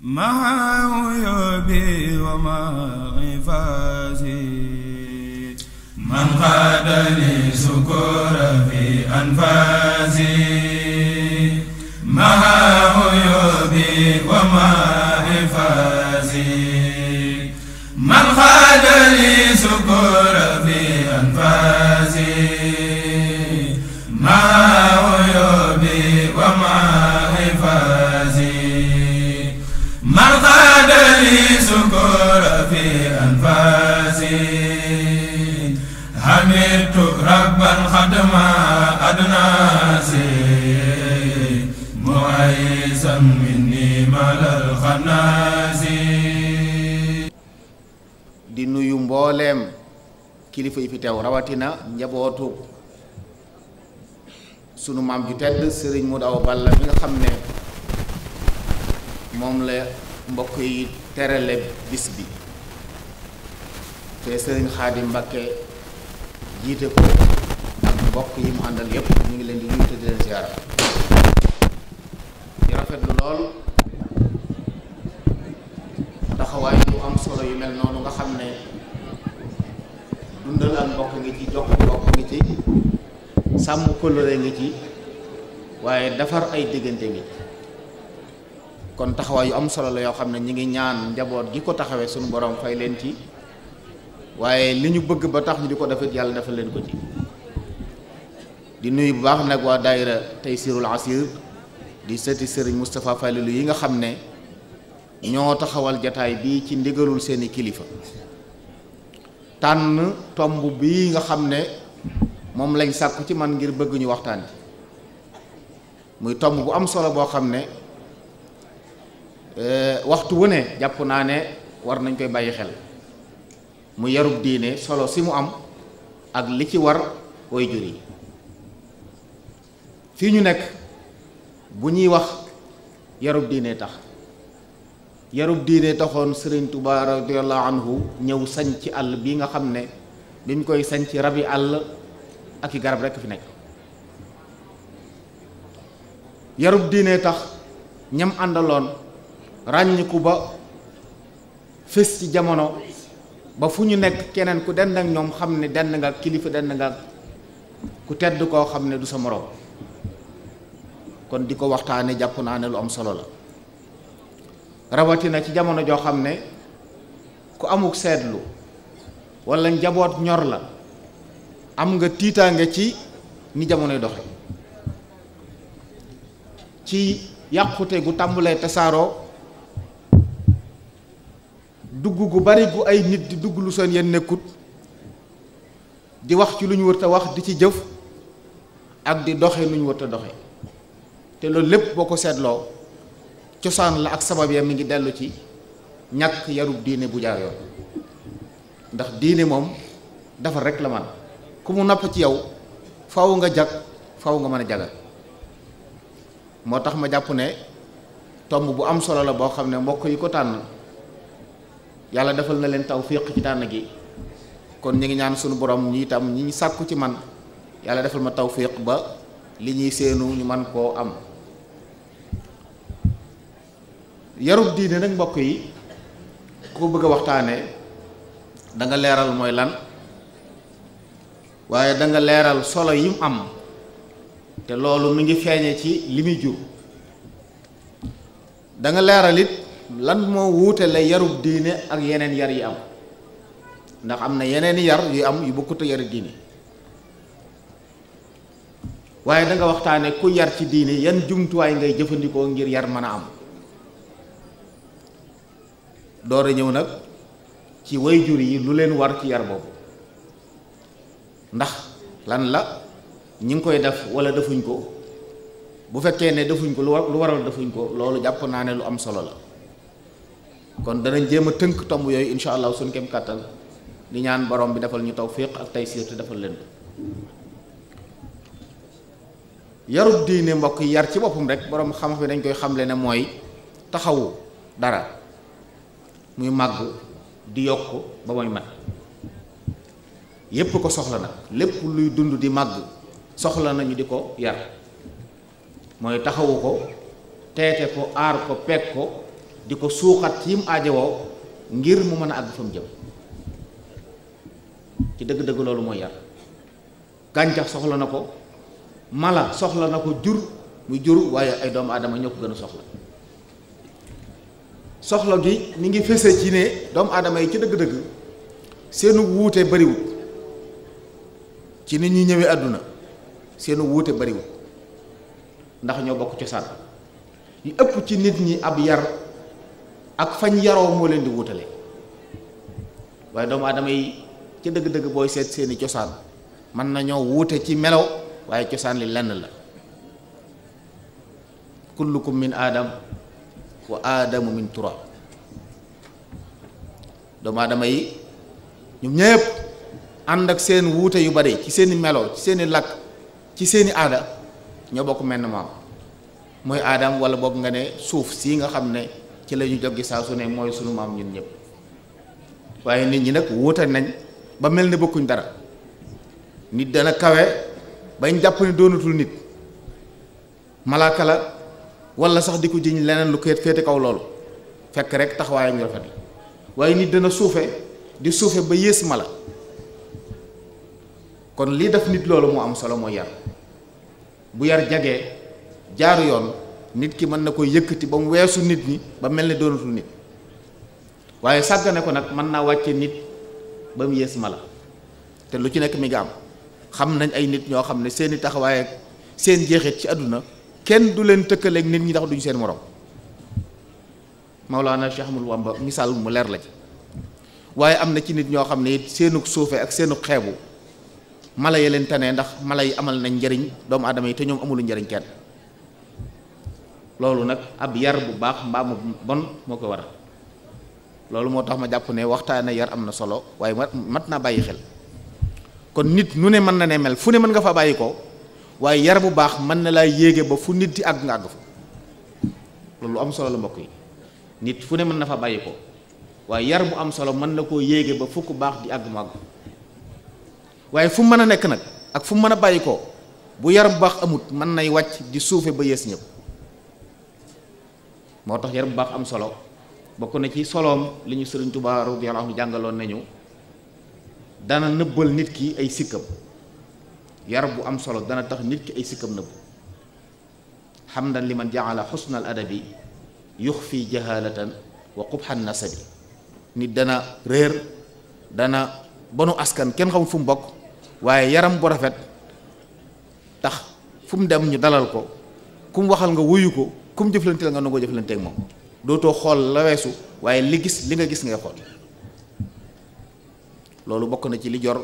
maa uyubi wa maa ifaasi man qaadani sukura fi anfaasi maa uyubi wa maa ifaasi رأيتك ربا خدما أدناسي مؤيسا مني مال الخناسي di nuyu mboolem kilifa yi fi teew rawatina njabootu sunu maam ju tedd sëriñ mu daw balla mi nga xam ne moom la mbokk yi terale bis bi te sëriñ Xaadim Mbakke jiite ko ak mbokk yi mu àndal yépp ñu ngi leen di nuyu te di leen ziyaara di rafetlu lool taxawaay yu am solo yu mel noonu nga xam ne dundal ak mbokk ngi ci jox mbokk ngi ci sàmm kóllëre ngi ci waaye defar ay diggante ngi ci kon taxawaay yu am solo la yoo xam ne ñi ngi ñaan njaboot gi ko taxawee suñu borom fay leen ci waaye li ñu bëgg ba tax ñu di ko dafa yàlla defal leen ko ci di nuyu bu baax nag waa daayira Taysirul Asir di sëti sëriñ Moustapha Falilou yi nga xam ne ñoo taxawal jataay bii ci ndigalul seeni kilifa tànn tomb bii nga xam ne moom lañ sàkku ci man ngir bëgguñu waxtaan waxtaan muy tomb bu am solo boo xam ne eh, waxtu wu ne jàpp naa ne war nañ koy bàyyi xel mu yarub diine solo si mu am ak li ci war way jur yi fii ñu nekk bu ñuy wax yarub diine tax yarub diine taxoon sëriñ Tuubaa radiyallahu anhu ñëw sañ ci àll bi nga xam ne bi mu koy sañ ci rabi àll ak i garab rekk fi nekk yarub diine tax ñam àndaloon ràññiku ba fés ci jamono ba fu ñu nekk keneen ku dend ak ñoom xam ne dend nga ak kilifa dend nga ak ku tedd koo xam ne du sa moroom kon di ko waxtaane jàpp naa ne lu am solo la rawatina ci jamono joo xam ne ku amuk seetlu walla njaboot ñor la am nga tiitaange ci ni jamonoy doxe ci yàqute gu tàmbulee tasaaroo dugg gu bari gu ay nit di dugg lu seen yenn nekkut di wax ci lu ñu wër ta wax di ci jëf ak di doxe lu ñu wër doxe te loolu lépp boo ko seetloo cosaan la ak sabab ya mi ngi dellu ci ñàkk yarub diine bu jaar yoon ndax diine moom dafa rek la man ku mu napp ci yow faw nga jag faw nga mën a jagal moo tax ma jàpp ne tomb bu am solo la boo xam ne mbokk yi ko tànn yàlla defal na leen tawfiq ci tànn gi kon ñu ngi ñaan suñu borom ñi itam ñi ñu sàkku ci man yàlla defal ma tawfiq ba li ñuy seenu ñu man koo am yarub diine nag mbokk yi ku ko bëgg a waxtaane da leeral mooy lan waaye danga leeral solo yi am te loolu mi ngi feeñe ci li muy jur da leeral it lan moo wuute la yarub diine ak yeneen yar yi am ndax am na yeneen yar yu am yu bokkut yari diine waaye da nga waxtaane ku yar ci diine yan jumtuwaay ngay jëfandikoo ngir yar mën a am door a ñëw nag ci wayjur yi lu leen war ci yar boobu ndax lan la ñi ngi koy def wala defuñ ko bu fekkee ne defuñ ko lu waral defuñ ko loolu jàpp naa ne lu am solo la kon danañ jéem a tënk tomb yooyu incha allah suñ kem kàttan di ñaan borom bi defal ñu taw tawfiq ak taysiir te defal leen yarub diine mbokk yi yar ci boppam rek borom xam-xam dañ koy xamle ne mooy taxawu dara muy màgg di yokk ba muy mat yépp ko soxla nag lépp luy dund di màgg soxla nañu di ko yar mooy taxawu ko teete ko aar ko peeg ko di ko suuxat yim aajowoo ngir mu mën a àgg fa mu jëm ci dëgg-dëgg loolu mooy yar gàncax soxla na ko mala soxla na ko jur muy jur waaye ay doomu aadama ñoo ko gën soxla soxla gi mi ngi fese ci ne doomu aadama yi ci dëgg-dëgg seenu wuute bariwut ci nit ñuy ñëwee àdduna seenu wuute bariwut ndax ñoo bokk cosaan li ëpp ci nit ñi ab yar ak fañ yaroo moo leen di wutale waaye doomu aadama yi ci dëgg-dëgg booy seet seeni cosaan mën nañoo wuute ci melow waaye cosaan li lenn la kullukum min aadam wa aadamu min turab doomu aadama yi ñoom ñëpp ànd ak seen wuute yu bari ci seeni melo ci seeni lakk ci seeni aada ñoo bokk menn maam mooy aadam wala bokk nga ne suuf sii nga xam ne ci la ñu joggi saa su ne mooy sunu maam ñun ñëpp waaye nit ñi nag wuute nañ ba mel ni bokkuñ dara nit dana kawe bañ jàpp ne doonatul nit malaaka la wala sax di ko jiñ leneen lu koy féete kaw loolu fekk rek taxawaayam rafet la waaye nit dana suufe di suufe ba yées mala kon lii daf nit loolu moo am solo mooy yar bu yar jagee jaaru yoon nit ki mën na koy yëkkati ba mu weesu nit ñi ba mel ne doonatul nit waaye sàggane ko nag mën naa wàcce nit ba mu yées mala te lu ci nekk mi nga am xam nañ ay nit ñoo xam ne seeni taxawaay ak seen jeexit ci àdduna kenn du leen tëkkaleeg nit ñi tax duñu seen morom Maulana Cheikh Ahmadou Bamba misaal mu leer la ci waaye am na ci nit ñoo xam ne it seenug suufe ak seenug xeebu mala ya leen tane ndax mala yi amal nañ njariñ doomu aadama yi te ñoom amulu njariñ kenn loolu nag ab yar bu baax mbaa mu bon moo ko waral loolu moo tax ma jàpp ne waxtaane yar am na solo waaye mat naa bàyyi xel kon nit nu ne mën na ne mel fu ne mën nga fa bàyyi ko waaye yar bu baax mën na laa yéege ba fu nit di àgg nga fa loolu am solo la mbokk yi nit fu ne mën na fa bàyyi ko waaye yar bu am solo mën na koo yéege ba fukk baax di àgg mu àgg waaye fu mën a nekk nag ak fu mën a bàyyi ko bu yar bu baax amut mën nay wàcc di suufe ba yées ñëpp moo tax yar bu baax am solo bokk na ci soloom li ñu sëriñ Tuubaa radiyallaahu anhu jàngaloon nañu dana nëbbal nit ki ay sikkam yar bu am solo dana tax nit ki ay sikkam xam na li man jaala xusnal adabi yux fi jahalatan wa qubhan nasabi nit dana réer dana bonu askan kenn xamul fu mu bokk waaye yaram bu rafet tax fu dem ñu dalal ko ku waxal nga wuyu ko kum jëflante la nga nangoo jëflante ak moom dootoo xool la weesu waaye li gis li nga gis ngay xool loolu bokk na ci li jor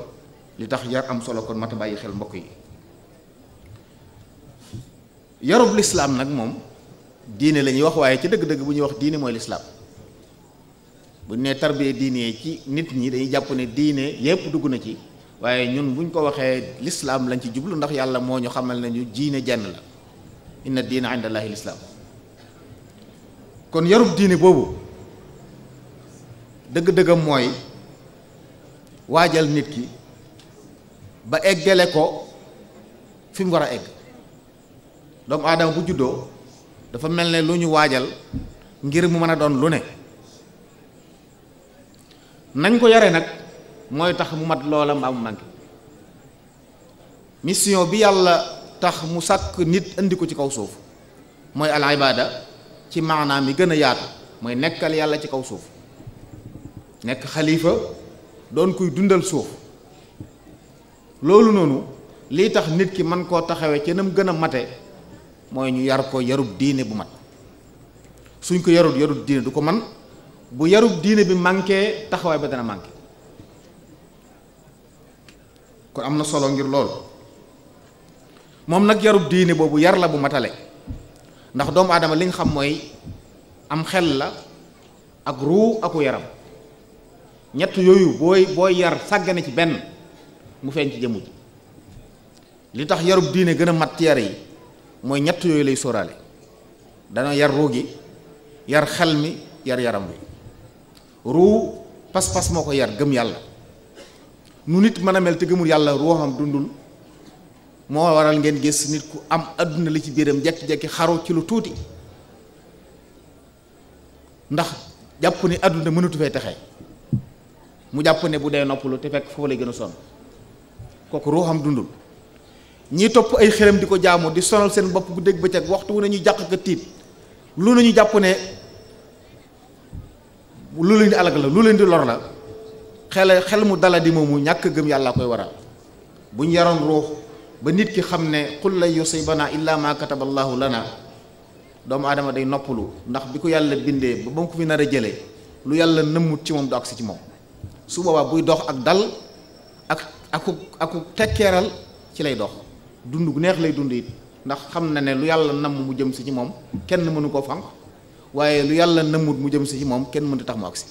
li tax yar am solo kon mat a bàyyi xel mbokk yi yarub lislaam nag moom diine lañuy wax waaye ci dëgg-dëgg bu ñuy wax diine mooy lislaam bu ñu nee tarbiya diine ci nit ñi dañuy jàpp ne diine yépp dugg na ci waaye ñun buñ ko waxee lislaam lañ ci jublu ndax yàlla moo ñu xamal nañu diine jànn la inna diina inda allahi lislaam kon yarub diine boobu dëgg-dëggam mooy waajal nit ki ba eggale ko fi mu war a egg doomu aadama bu juddoo dafa mel ne lu ñu waajal ngir mu mën a doon lu ne nañ ko yare nag mooy tax mu mat loola mbaa mu manqué mission bi yàlla tax mu sàkk nit indi ko ci kaw suuf mooy al ibada ci maanaam mi gën a yaatu mooy nekkal yàlla ci kaw suuf nekk xalifa doon kuy dundal suuf loolu noonu lii tax nit ki mën koo taxawee ca nam gën a mate mooy ñu yar ko yarub diine bu mat suñ ko yarut yarut diine du ko man bu yarub diine bi manqué taxawaay ba dana manqué kon am na solo ngir loolu moom nag yarub diine boobu yar la bu matale ndax doomu aadama li nga xam mooy am xel la ak ruu aku yaram ñett yooyu booy booy yar sàggane ci benn mu feeñ ci jëmm ji li tax yarub diine gën a mat ci yi mooy ñett yooyu lay sóoraale dana yar ruu gi yar xel mi yar yaram wi ruu pas-pas moo ko yar gëm yàlla nu nit mën a mel te gëmul yàlla ruuxam dundul moo waral ngeen gis nit ku am àdduna li ci biiram jekki-jekki xaru ci lu tuuti ndax jàpp ni àdduna mënatu fee texe mu jàpp ne bu dee noppalu te fekk foofu lay gën a sonn kooku ruuxam dundul ñi topp ay xelam di ko jaamu di sonal seen bopp bu dégg bëccëg waxtu wu na ñuy jàq ka tiit lu nañu jàpp ne lu leen di alag la lu leen di lor la xel xel mu dala di moomu ñàkk gëm yàlla koy waral bu ñu yaroon ruux ba nit ki xam ne qul lan yusibana illa ma kataba allahu lana doomu aadama day noppalu ndax bi ko yàlla bindee ba mu ko fi nar a jëlee lu yàlla nëmmut ci moom du agsi ci moom su boobaa buy dox ak dal ak aku aku tekkeeral ci lay dox dund gu neex lay dund it ndax xam na ne lu yàlla namm mu jëm si ci moom kenn mënu koo fànq waaye lu yàlla nammut mu jëm si ci moom kenn mënu tax mu agsi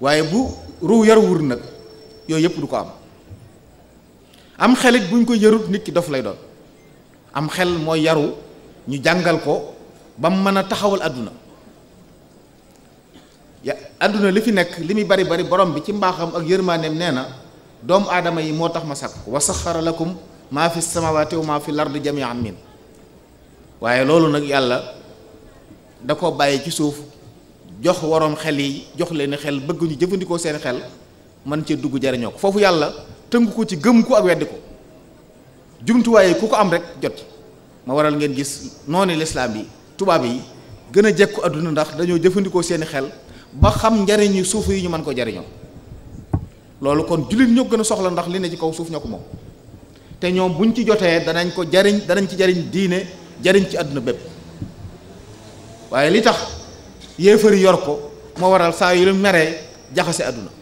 waaye bu ruu yaruwur nag yooyu yëpp du ko am am xelit buñ ko yarut nit ki dof lay doon am xel mooy yaru ñu jàngal ko ba mu mën a taxawal àdduna ya àdduna li fi nekk li muy bari bari borom bi ci mbaaxam ak yërmaaneem nee na doomu aadama yi moo tax ma sàkk wa saxara lakum maa fi samawati wa maa fi lardi jamian niin waaye loolu nag yàlla da ko bàyyi ci suuf jox waroom xel yi jox leen xel bëgg ñu jëfandikoo seen xel mën cee dugg jariñoo ko foofu yàlla tënku ko ci gëm ko ak weddi ko jumtuwaay yi ku ko am rek jot ma waral ngeen gis noonu lislaam bi tubaab yi gën a jekku àdduna ndax dañoo jëfandikoo seeni xel ba xam njariñu suuf yi ñu mën ko jariñoo loolu kon jullit ñoo gën a soxla ndax li ne ci kaw suuf ñoo ko moom te ñoom buñ ci jotee danañ ko jariñ danañ ci jariñ diine jariñ ci àdduna bépp waaye li tax yéefar yor ko moo waral saa yi lu meree jaxase àdduna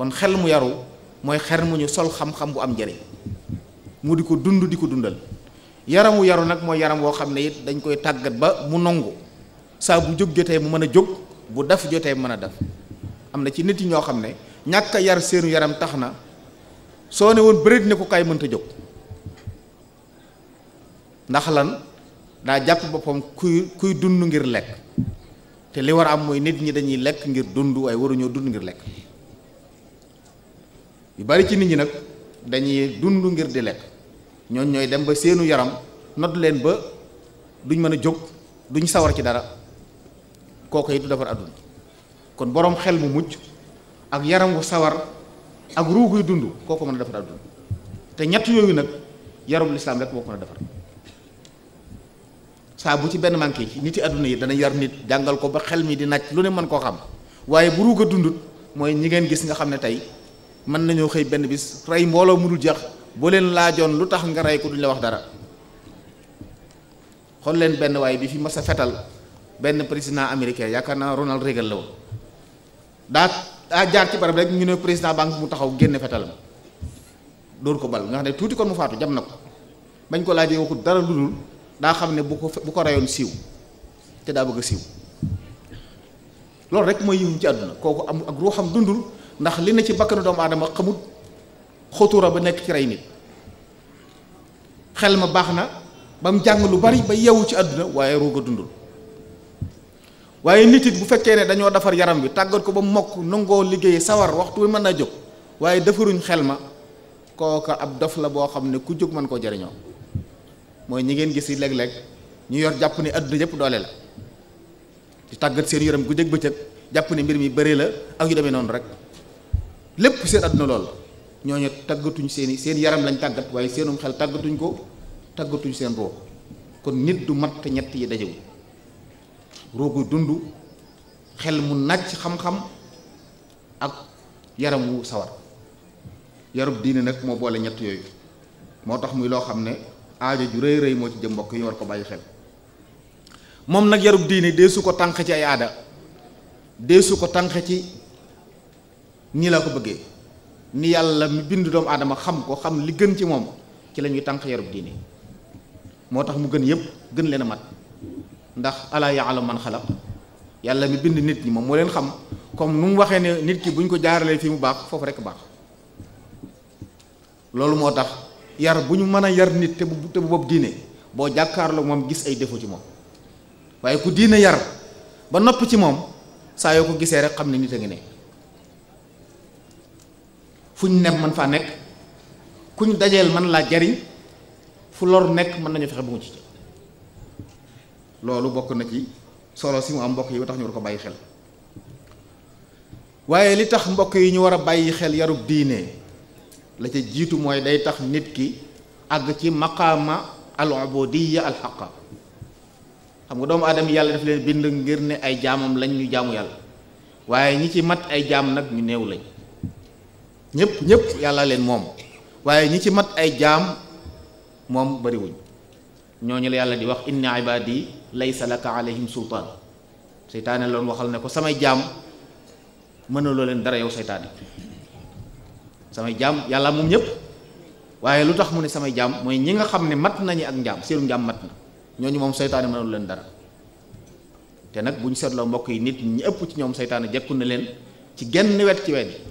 kon xel mu yaru mooy xer mu ñu sol xam-xam bu am njariñ mu di ko dund di ko dundal yaramu yaru nag mooy yaram woo xam ne it dañ koy tàggat ba mu nongu saa bu jóg jotee mu mën a jóg bu daf jotee mën a daf am na ci nit ñoo xam ne ñàkk yar seenu yaram tax na soo ne woon bërit ne ko kaay mënta jóg ndax lan daa jàpp boppam kuy kuy dund ngir lekk te li war a am mooy nit ñi dañuy lekk ngir dund waaye waruñoo dund ngir lekk yu bari ci nit ñi nag dañuy dund ngir di lekk ñooñ ñooy dem ba seenu yaram nodd leen ba duñ mën a jóg duñ sawar ci dara kooku it du defar àdduna kon boroom xel mu mucc ak yaram wu sawar ak ruu guy dund kooku mën a defar àdduna te ñett yooyu nag yarub lislaam rek moo ko mën a defar saa ci benn manqué yi nit yi àdduna yi dana yar nit jàngal ko ba xel mi di naaj lu ne mën koo xam waaye bu ruuga dundut mooy ñi ngeen gis nga xam ne tey mën nañoo xëy benn bis rey mbooloo mu dul jeex boo leen laajoon lu tax nga rey ko duñ la wax dara xool leen benn waaye bi fi ma sa fetal benn président américain yaakaar naa Ronald Reagan la woon daa daa jaar ci barab rek ñu ne président banque mu taxaw génne fetalam dóor ko bal nga xam ne tuuti kon mu faatu jam na ko bañ ko laajee waxut dara lu dul daa xam ne bu ko bu ko reyoon siiw te daa bëgg a siiw loolu rek mooy yiw ci àdduna kooku am ak ruuxam dundul ndax li na ci bakkanu doom aadama xamut xotuura ba nekk ci rey nit xel ma baax na ba mu jàng lu bari ba yeewu ci àdduna waaye roog a dundul waaye nit it bu fekkee ne dañoo defar yaram bi tàggat ko ba mokk nangoo liggéey sawar waxtu bi mën naa jóg waaye defaruñ xel ma kooka ab dof la boo xam ne ku jóg mën koo jariñoo mooy ñi ngeen gis yi léeg-léeg ñu yor jàpp ni àdduna yëpp doole la di tàggat seen yaram gu jëg bëccëg jàpp ne mbir mi bëri la ak yu demee noonu rek lépp seen àdduna lool ñooñu tàggatuñ seen seen yaram lañ tàggat waaye seenum xel tàggatuñ ko taggatuñ seen roo kon nit du mat te ñett yi dajewu roo guy dund xel mu nàcc xam-xam ak yaram wu sawar yarub diine nag moo boole ñett yooyu moo tax muy loo xam ne aajo ju rëy rëy moo ci jëm mbokk yi ñu war ko bàyyi xel moom nag yarub diine dee su ko tànq ci ay aada dee su ko tànq ci nii laa ko bëggee ni yàlla mi bind doomu aadama xam ko xam li gën ci moom ci la ñuy tànq yarub diine moo tax mu gën yëpp gën leen a mat ndax alaa ya'lamu man xalaq yàlla mi bind nit ñi moom moo leen xam comme nu mu waxee ne nit ki bu ñu ko jaaralee fii mu baax foofu rek baax loolu moo tax yar bu ñu mën a yar nit te bu te bu bopp diine boo jàkkaarloo moom gis ay defu ci moom waaye ku diine yar ba nopp ci moom saa yoo ko gisee rek xam ne nit a ngi ne fu ñu nem man faa nekk ku ñu dajeel man laa jariñ fu lor nekk mën nañu fexe bu mu ci loolu bokk na ci solo si mu am mbokk yi ba tax ñu war ko bàyyi xel waaye li tax mbokk yi ñu war a bàyyi xel yarub diine la ca jiitu mooy day tax nit ki àgg ci maqaama al ubudiyya al xaqa xam nga doomu aadama yàlla daf leen bind ngir ne ay jaamam lañ ñu jaamu yàlla waaye ñi ci mat ay jaam nag ñu néew lañ ñépp ñëpp yàlla leen moom waaye ñi ci mat ay jaam moom bariwuñ ñoo ñooñu la yàlla di wax inna ibadi laysa laka alayhim sultaan seytaane loon waxal ne ko samay jaam mënuloo leen dara yow seytaane samay jaam yàlla moom ñëpp waaye lu tax mu ne samay jaam mooy ñi nga xam ne mat nañu ak njaam seenu njaam mat na ñooñu moom seytaane mënul leen dara te nag bu ñu seetloo mbokk yi nit ñi ëpp ci ñoom seytaane jekku na leen ci genn wet ci wet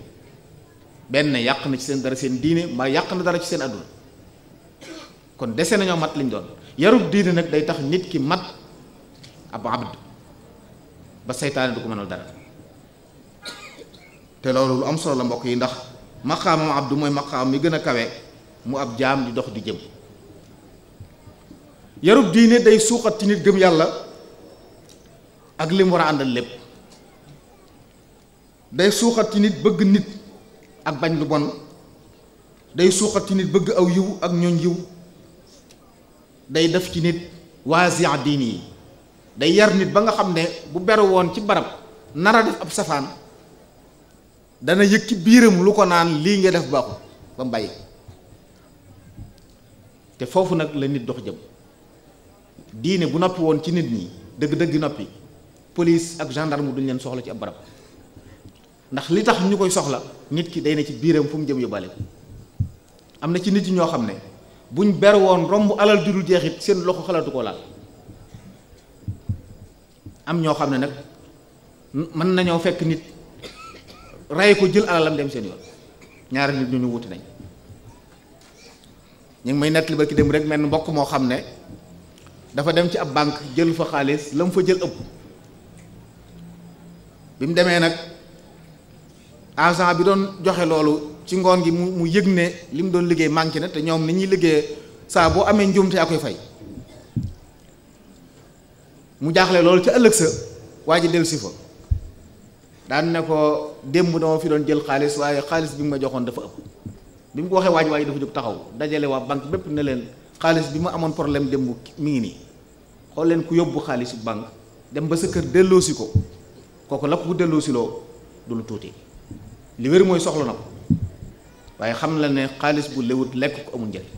benn yàq na ci seen dara seen diine ma yàq na dara ci seen àdduna kon dese nañoo mat liñ doon yarub diine nag day tax nit ki mat ab abd ba seytaane du ko mënal dara te loolu lu am solo la mbokk yi ndax maqaamam abdu mooy maqaam mi gën a kawe mu ab jaam di dox di jëm yarub diine day suuxat ci nit gëm yàlla ak lim war a àndal lépp day suuxat ci nit bëgg nit ak bañ lu bon day suuxat ci nit bëgg aw yiw ak ñooñ yiw day def ci nit waasiya diini yi day yar nit ba nga xam ne bu beru woon ci barab nar a def ab safaan dana yëg ci biiram lu ko naan lii nga def baaxul ba bàyyi te foofu nag la nit dox jëm diine bu noppi woon ci nit ñi dëgg-dëgg noppi police ak gendarme duñ leen soxla ci ab barab ndax li tax ñu koy soxla nit ki day ne ci biiram fu mu jëm yóbbaale ko am na ci nit ñoo xam ne buñ ber woon romb alal ju jeexit seen loxo xalaatu ko laal am ñoo xam ne nag mën nañoo fekk nit ray ko jël alalam dem seen yoon ñaari nit ñu ñu wuti nañ ñu ngi may nettali ba ki dem rek mel mbokk moo xam ne dafa dem ci ab banque jël fa xaalis la mu fa jël ëpp bi mu demee nag. agent bi doon joxe loolu ci ngoon gi mu mu yëg ne li mu doon liggéey manqué na te ñoom ni ñuy liggéey saa boo amee njuumte yaa koy fay mu jaaxle loolu ci ëllëg sa waa ji dellu si fa daan ne ko démb dama fi doon jël xaalis waaye xaalis bi mu ma joxoon dafa ëpp bi mu ko waxee waa ji dafa jóg taxaw dajale waa banque bépp ne leen xaalis bi ma amoon problème démb mi ngi nii xool leen ku yóbbu xaalisu banque dem ba sa kër delloosi ko kooku la ko delloosiloo du lu tuuti. li wér mooy soxla na ko waaye xam la ne xaalis bu lewut lekk ko amul njëriñ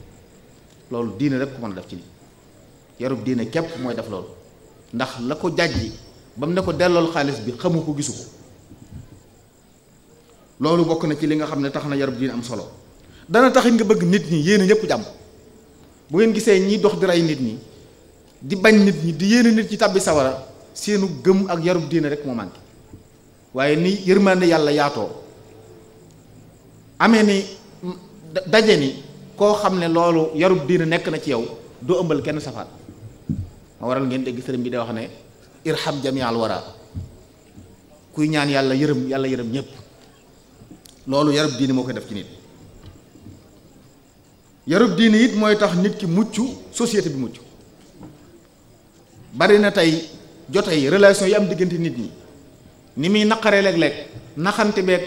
loolu diina rek ko mën a def ci nit yarub diina képp mooy def loolu ndax la ko jàjji ba mu ne ko dellool xaalis bi xamu ko gisu ko loolu bokk na ci li nga xam ne tax na yarub diine am solo dana taxit nga bëgg nit ñi yéene ñëpp jàmm bu ngeen gisee ñi dox di rey nit ñi di bañ nit ñi di yéene nit ñi tàbbi sawara seenu gëm ak yarub diina rek moo manqué waaye ni yërmande yàlla yaatoo amee ni daje ni koo xam ne loolu yarub diina nekk na ci yow doo ëmbal kenn safaan ma waral ngeen dégg sëriñ bi de wax ne irham jamial wara kuy ñaan yàlla yërëm yàlla yërëm ñépp loolu yarub diini moo koy def ci nit yarub diini it mooy tax nit ki mucc société bi mucc bari na tey jote yi relation yi am diggante nit ñi ni muy naqaree léeg-léeg naxante beeg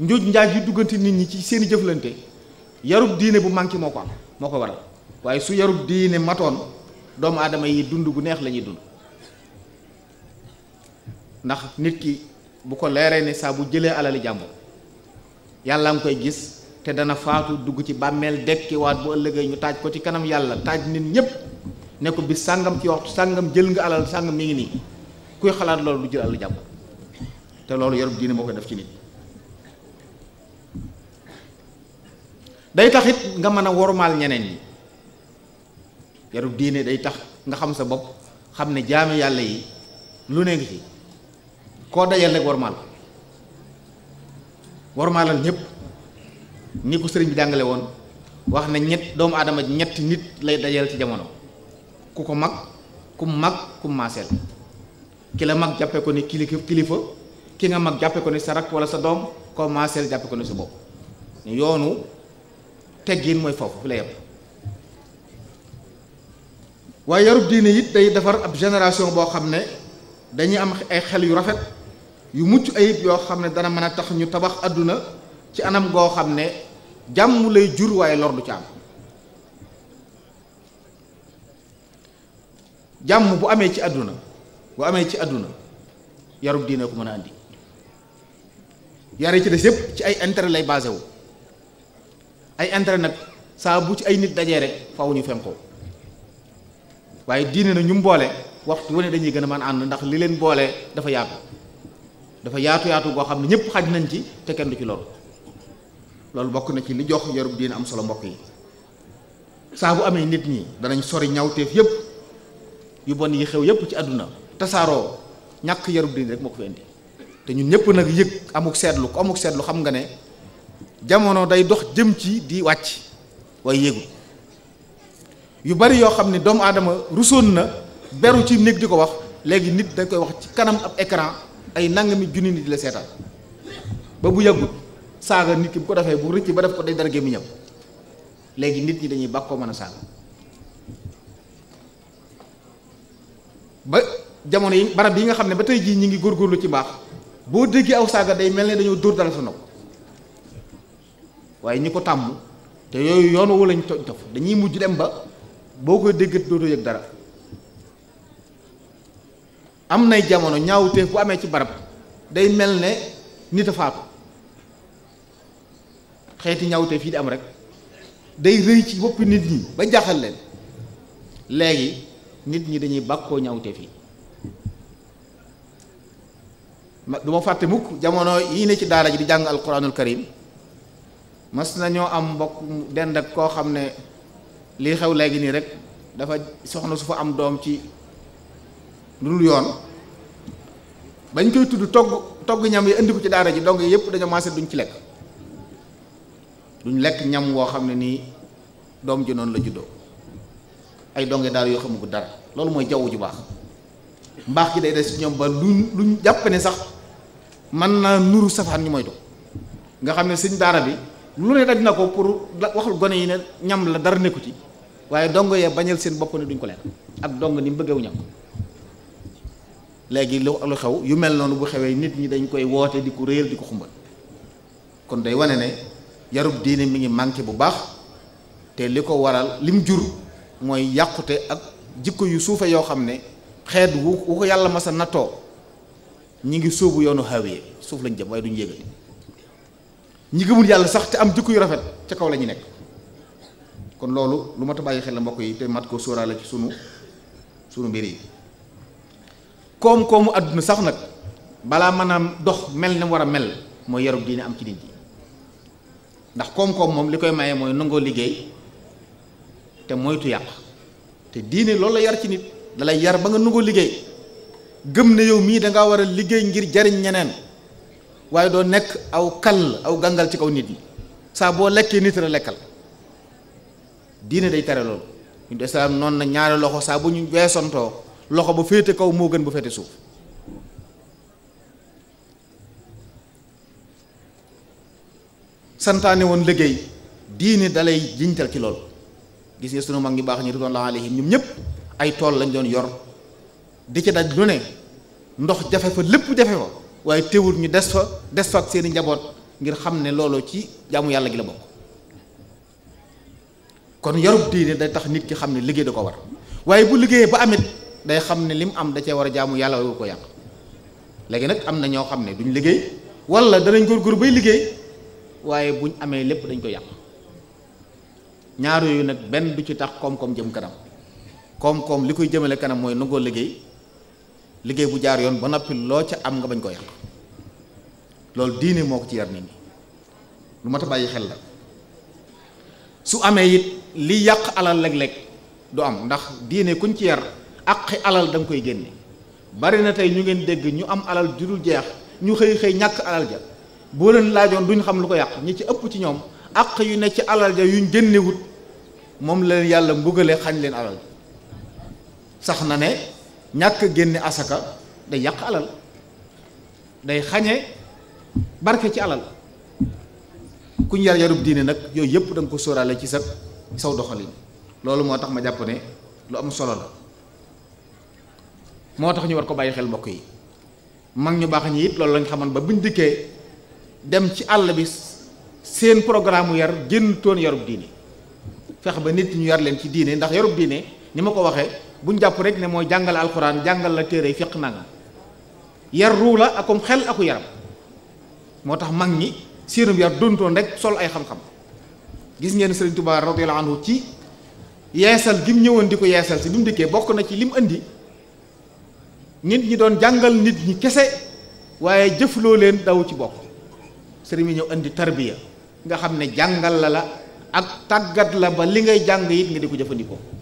njuuj njaaj yu duggante nit ñi ci seen jëflante yarub diine bu manqué moo ko am moo ko waral waaye su yarub diine matoon doomu aadama yi dund bu neex lañuy ñuy dund ndax nit ki bu ko leeree ne saa bu jëlee alali jàmbur yàlla nga koy gis te dana faatu dugg ci bàmmeel dekkiwaat bu ëllëgee ñu taaj ko ci kanam yàlla taaj nit ñépp ne bi bis sàngam ci waxtu sàngam jël nga alal sàng mi ngi nii kuy xalaat loolu du jël alal jàmbur te loolu yarub diine moo koy def ci nit day tax it nga mën a wormaal ñeneen yi yarub diine day tax nga xam sa bopp xam ne jaami yàlla yi lu nekk ngi ci koo dajal rek wormaal wormaalal ñëpp ni ko sëriñ bi jàngale woon wax ne ñett doomu aadama ñetti nit lay dajal ci jamono ku ko mag ku mag ku maaseel ki la mag jàppe ko ni kilifa ki nga mag jàppe ko ni sa rakk wala sa doom ko maaseel jàppe ko ni sa bopp yoonu teggin mooy foofu fi la yem waaye yarub diine it day defar ab génération boo xam ne dañuy am ay xel yu rafet yu mucc ayib yoo xam ne dana mën a tax ñu tabax àdduna ci anam goo xam ne jàmm lay jur waaye ci am jàmm bu amee ci àdduna bu amee ci àdduna yarub diine ko mën a andi yare ci des yëpp ci ay intérêt lay basé wu ay intérêt nag saa bu ci ay nit dajee rek faaw ñu fenkoo waaye diine na ñu mboole waxtu wane dañuy gën a mën ànd ndax li leen boole dafa yaatu dafa yaatu yaatu boo xam ne ñëpp xaj nañ ci te kenn du ci loolu loolu bokk na ci li jox yorub diine am solo mbokk yi saa bu amee nit ñi danañ sori ñawteef yëpp yu bon yi xew yëpp ci àdduna tasaaroo ñàkk yarub diine rek moo ko fi indi te ñun ñëpp nag yëg amuk seetlu ko amuk seetlu xam nga ne jamono day dox jëm ci di wàcc waaye yéegul yu bari yoo xam ne doomu aadama rusoon na beru ci néeg di ko wax léegi nit dañ koy wax ci kanam ab ecran ay nangami junni nit di la seetaan ba bu yàggut saaga nit ki bu ko defee bu rëcc ba def ko day dara gémmiñam léegi nit ñi dañuy ko mën a saaga ba jamono yi barab yi nga xam ne ba tey jii ñi ngi góorgóorlu ci mbaax boo déggee aw saaga day mel ne dañoo dóor dara sa nopp waaye ñi ko tàmm te yooyu yoon wu lañ toj tof dañuy mujj dem ba boo koy déggat dootoo yëg dara am nay jamono ñaawteef bu amee ci barab day mel ne nit a faatu xeeti ñaawteef yi di am rek day rëy ci boppi nit ñi ba jaaxal leen léegi nit ñi dañuy bàkkoo ñaawteef yi du ma fàtte mukk jamono yi ne ci daara ji di jàng alquranul karim mas ñoo am mbokk dend koo xam ne lii xew léegi nii rek dafa soxna su fa am doom ci lu dul yoon bañ koy tudd togg togg ñam yi indiku ci daara ji dong yëpp dañoo maase duñ ci lekk duñ lekk ñam woo xam ne nii doom ji noonu la juddoo ay donge daara yoo xamugu dara loolu mooy jaww ju baax mbaax gi day des ci ñoom ba luñ luñ jàpp ne sax mën naa nuru safaan ñu moytu nga xam ne sëñ daara bi lu ne daj na ko pour waxul gone yi ne ñam la dara nekku ci waaye dong yee bañal seen bopp ne duñ ko lekk ak dong ni mu bëggeewu ñam léegi lu lu xew yu mel noonu bu xewee nit ñi dañ koy woote di ko réer di ko xumbal kon day wane ne yarub diine mi ngi manqué bu baax te li ko waral lim jur mooy yàqute ak jikko yu suufe yoo xam ne xeet wu wu ko yàlla masa nattoo ñi ngi suuf yoonu xawiye suuf lañ jëm waaye duñ yëgati ñi gëmul yàlla sax te am jikko yu rafet ca kaw lañu nekk kon loolu lu mat a bàyyi xel la mbokk yi te mat ko sóoraale ci sunu sunu mbir yi koom-koomu àdduna sax nag balaa maanaam dox mel ne war a mel mooy yarub diine am ci nit yi ndax koom-koom moom li koy maye mooy nangoo liggéey te moytu yàq te diine lool la yar ci nit dalay yar ba nga nangoo liggéey gëm ne yow mii danga war a liggéey ngir jariñ ñeneen waaye doo nekk aw kal aw gàngal ci kaw nit yi saa boo lekkee nit la lekkal diine day tere loolu ñu de islaam noonu na ñaari loxo saa bu ñu weesontoo loxo bu féete kaw moo gën bu fete suuf santaane woon liggéey diine dalay jiñtal ci loolu gis nga sunu mag ñu baax ñu ridwaanulaahi alayhim ñoom ñëpp ay tool lañ doon yor di ci daj lu ne ndox jafe fa lépp jafe fa waaye teewul ñu des fa des fa ak seeni njaboot ngir xam ne looloo ci jaamu yàlla gi la bokk kon yarub diine day tax nit ki xam ne liggéey da ko war waaye bu liggéeyee ba amee day xam ne lim am da cee war a jàmm yàlla wu ko yàq léegi nag am na ñoo xam ne duñ liggéey wala danañ góorgóor bay liggéey waaye buñ amee lépp dañ ko yàq ñaar yooyu nag benn du ci tax koom-koom jëm kanam koom-koom li koy jëmale kanam mooy nangoo liggéey liggéey bu jaar yoon ba noppi loo ca am nga bañ koo yàq loolu diine moo ko ci yar nit ñi lu mat a bàyyi xel la su amee it li yàq alal léeg lekk du am ndax diine kuñ ci yar àqi alal danga koy génne bari na tey ñu ngeen dégg ñu am alal ju dul jeex ñu xëy xëy ñàkk alal ja boo leen laajoon duñ xam lu ko yàq ñi ci ëpp ci ñoom àq yu ne ci alal ja yuñ génnewut moom la leen yàlla mbugale xañ leen alal sax na ne ñàkk génne asaka day yàq alal day xañe barke ci alal ku ñu yar yarub diine nag yooyu yëpp da ko sóoraale ci sa saw doxalin loolu moo tax ma jàpp ne lu am solo la moo tax ñu war ko bàyyi xel mbokk yi mag ñu baax ñi it loolu lañ xamoon ba buñ dikkee dem ci àll bi seen programme yar génn toon yarub diine fex ba nit ñu yar leen ci diine ndax yarub diine ni ma ko waxee buñ jàpp rek ne mooy jàngale alxuraan jàngal la téere fiq nanga yar ruu la akum xel aku yaram moo tax mag ñi séenum yar dontoon rek sol ay xam-xam gis ngeen Sëriñ Tuubaa radiyallaahu anhu ci yeesal gi mu ñëwoon di ko yeesal si bi dikkee bokk na ci li mu indi nit ñi doon jàngal nit ñi kese waaye jëfloo leen daw ci bokk sëriñ bi ñëw indi tarbiya nga xam ne jàngal la la ak tàggat la ba li ngay jàng yi nga di ko jëfandikoo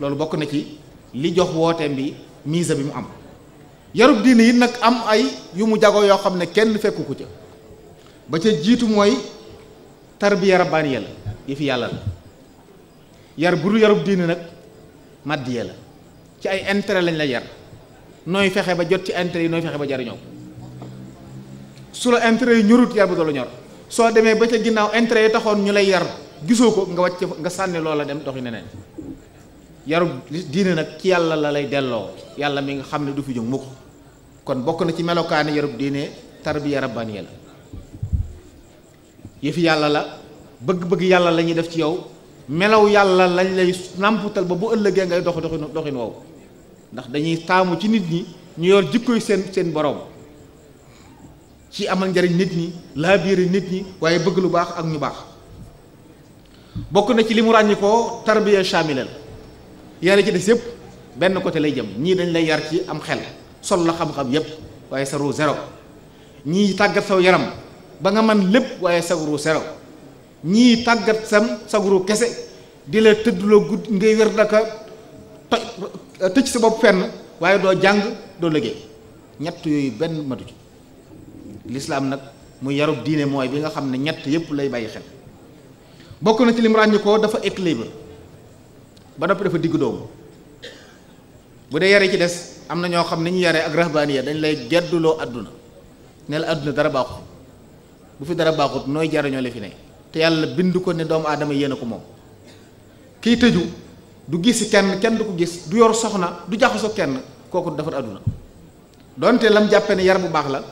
loolu bokk na ci li jox wooteem bi mise bi mu am yarub diine yi nag am ay yu mu jago yoo xam ne kenn fekku ko ca ba ca jiitu mooy tarbiya rabbaaniya la yëfi yàlla la yar bu dul yarub diine nag maddiya la ci ay intérêt lañ lay yar nooy fexe ba jot ci intérêt yi nooy fexe ba jariñoo su la intérêt yi ñorut yar bu doo la ñor soo demee ba ca ginnaaw intérêt yi taxoon ñu lay yar gisoo ko nga wàcc nga sànni loola dem doxi neneen yarub diine nag ci yàlla la lay delloo yàlla mi nga xam ne du fi jóg mukk kon bokk na ci melokaani yarub diine tarbiya rabbaniya la yëfi yàlla la bëgg-bëgg yàlla la ñuy def ci yow melow yàlla lañ lay nàmputal ba bu ëllëgee ngay dox doxin doxin ndax dañuy taamu ci nit ñi ñu yor jikkoy seen seen borom ci amal njariñ nit ñi laa biir nit ñi waaye bëgg lu baax ak ñu baax bokk na ci li mu ràññi ko tarbiya shamilal yare ci des yëpp benn côté lay jëm ñii dañ lay yar ci am xel sol la xam-xam yëpp waaye saru ruu ñii tàggat saw yaram ba nga man lépp waaye sa ruu zéro tàggat sam sa kese di la tëddloo gudd ngay wér daka tëj sa bopp fenn waaye doo jàng doo liggéey ñett yooyu benn matu ci lislaam nag mu yarub diine mooy bi nga xam ne ñett yëpp lay bàyyi xel bokk na ci lim ràññi ko dafa équilibre ba noppi dafa digg doomu bu dee yare ci des am na ñoo xam ni ñu yare ak rahbaaniya dañ lay gedduloo àdduna ne la àdduna dara baaxut bu fi dara baaxut nooy jariñoo la fi ne te yàlla bind ko ne doomu aadama yéen a ko moom kiy tëju du gis kenn kenn du ko gis du yor soxna du jaxasoo kenn kooku defar àdduna donte lam jàppe ne yar bu baax la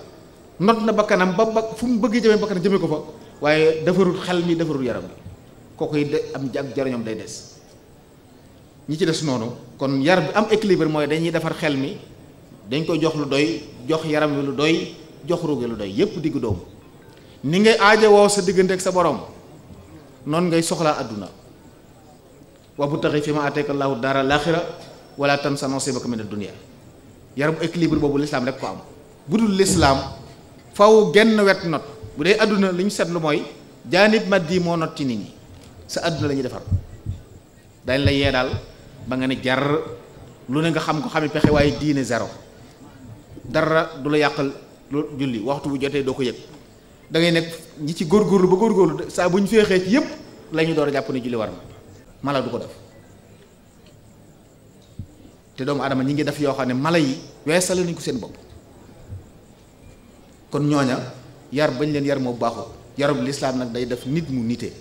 not na bakkanam ba ba fu mu bëggee jëme bakkanam jëme ko fa waaye defarul xel mi defarul yaram bi kooku yi am ak jariñoom day des ñi ci des noonu kon yar bi am équilibre mooy dañuy defar xel mi dañ koy jox lu doy jox yaram wi lu doy jox ruuge lu doy yépp diggu doom ni ngay aaja aajowoo sa diggante ak sa borom noonu ngay soxlaa àdduna wa bu taxi fi ma ataka law dara laaxira wala tansa nasibaka mina dunya yar bu équilibre boobu lislaam rek ko am bu dul lislaam faw genn wet not bu dee àdduna li ñu seetlu mooy jaanib di moo not ci nit ñi sa àdduna lañuy ñuy defar dañ la yee daal ba nga ne jar lu ne nga xam ko xami pexe waaye diine zéro dara du la yàqal lu julli waxtu bu jotee doo ko yëg da ngay nekk ñi ci góor góorgóorlu ba góorgóorlu saa bu ñu féexee ci yëpp la ñu door a jàpp ne julli war na mala du ko def te doomu adama ñi ngi def yoo xam ne mala yi weesale nañ ko seen bopp kon ñooña yar bañ leen yar moo baaxul yarub lislaam nag day def nit mu nite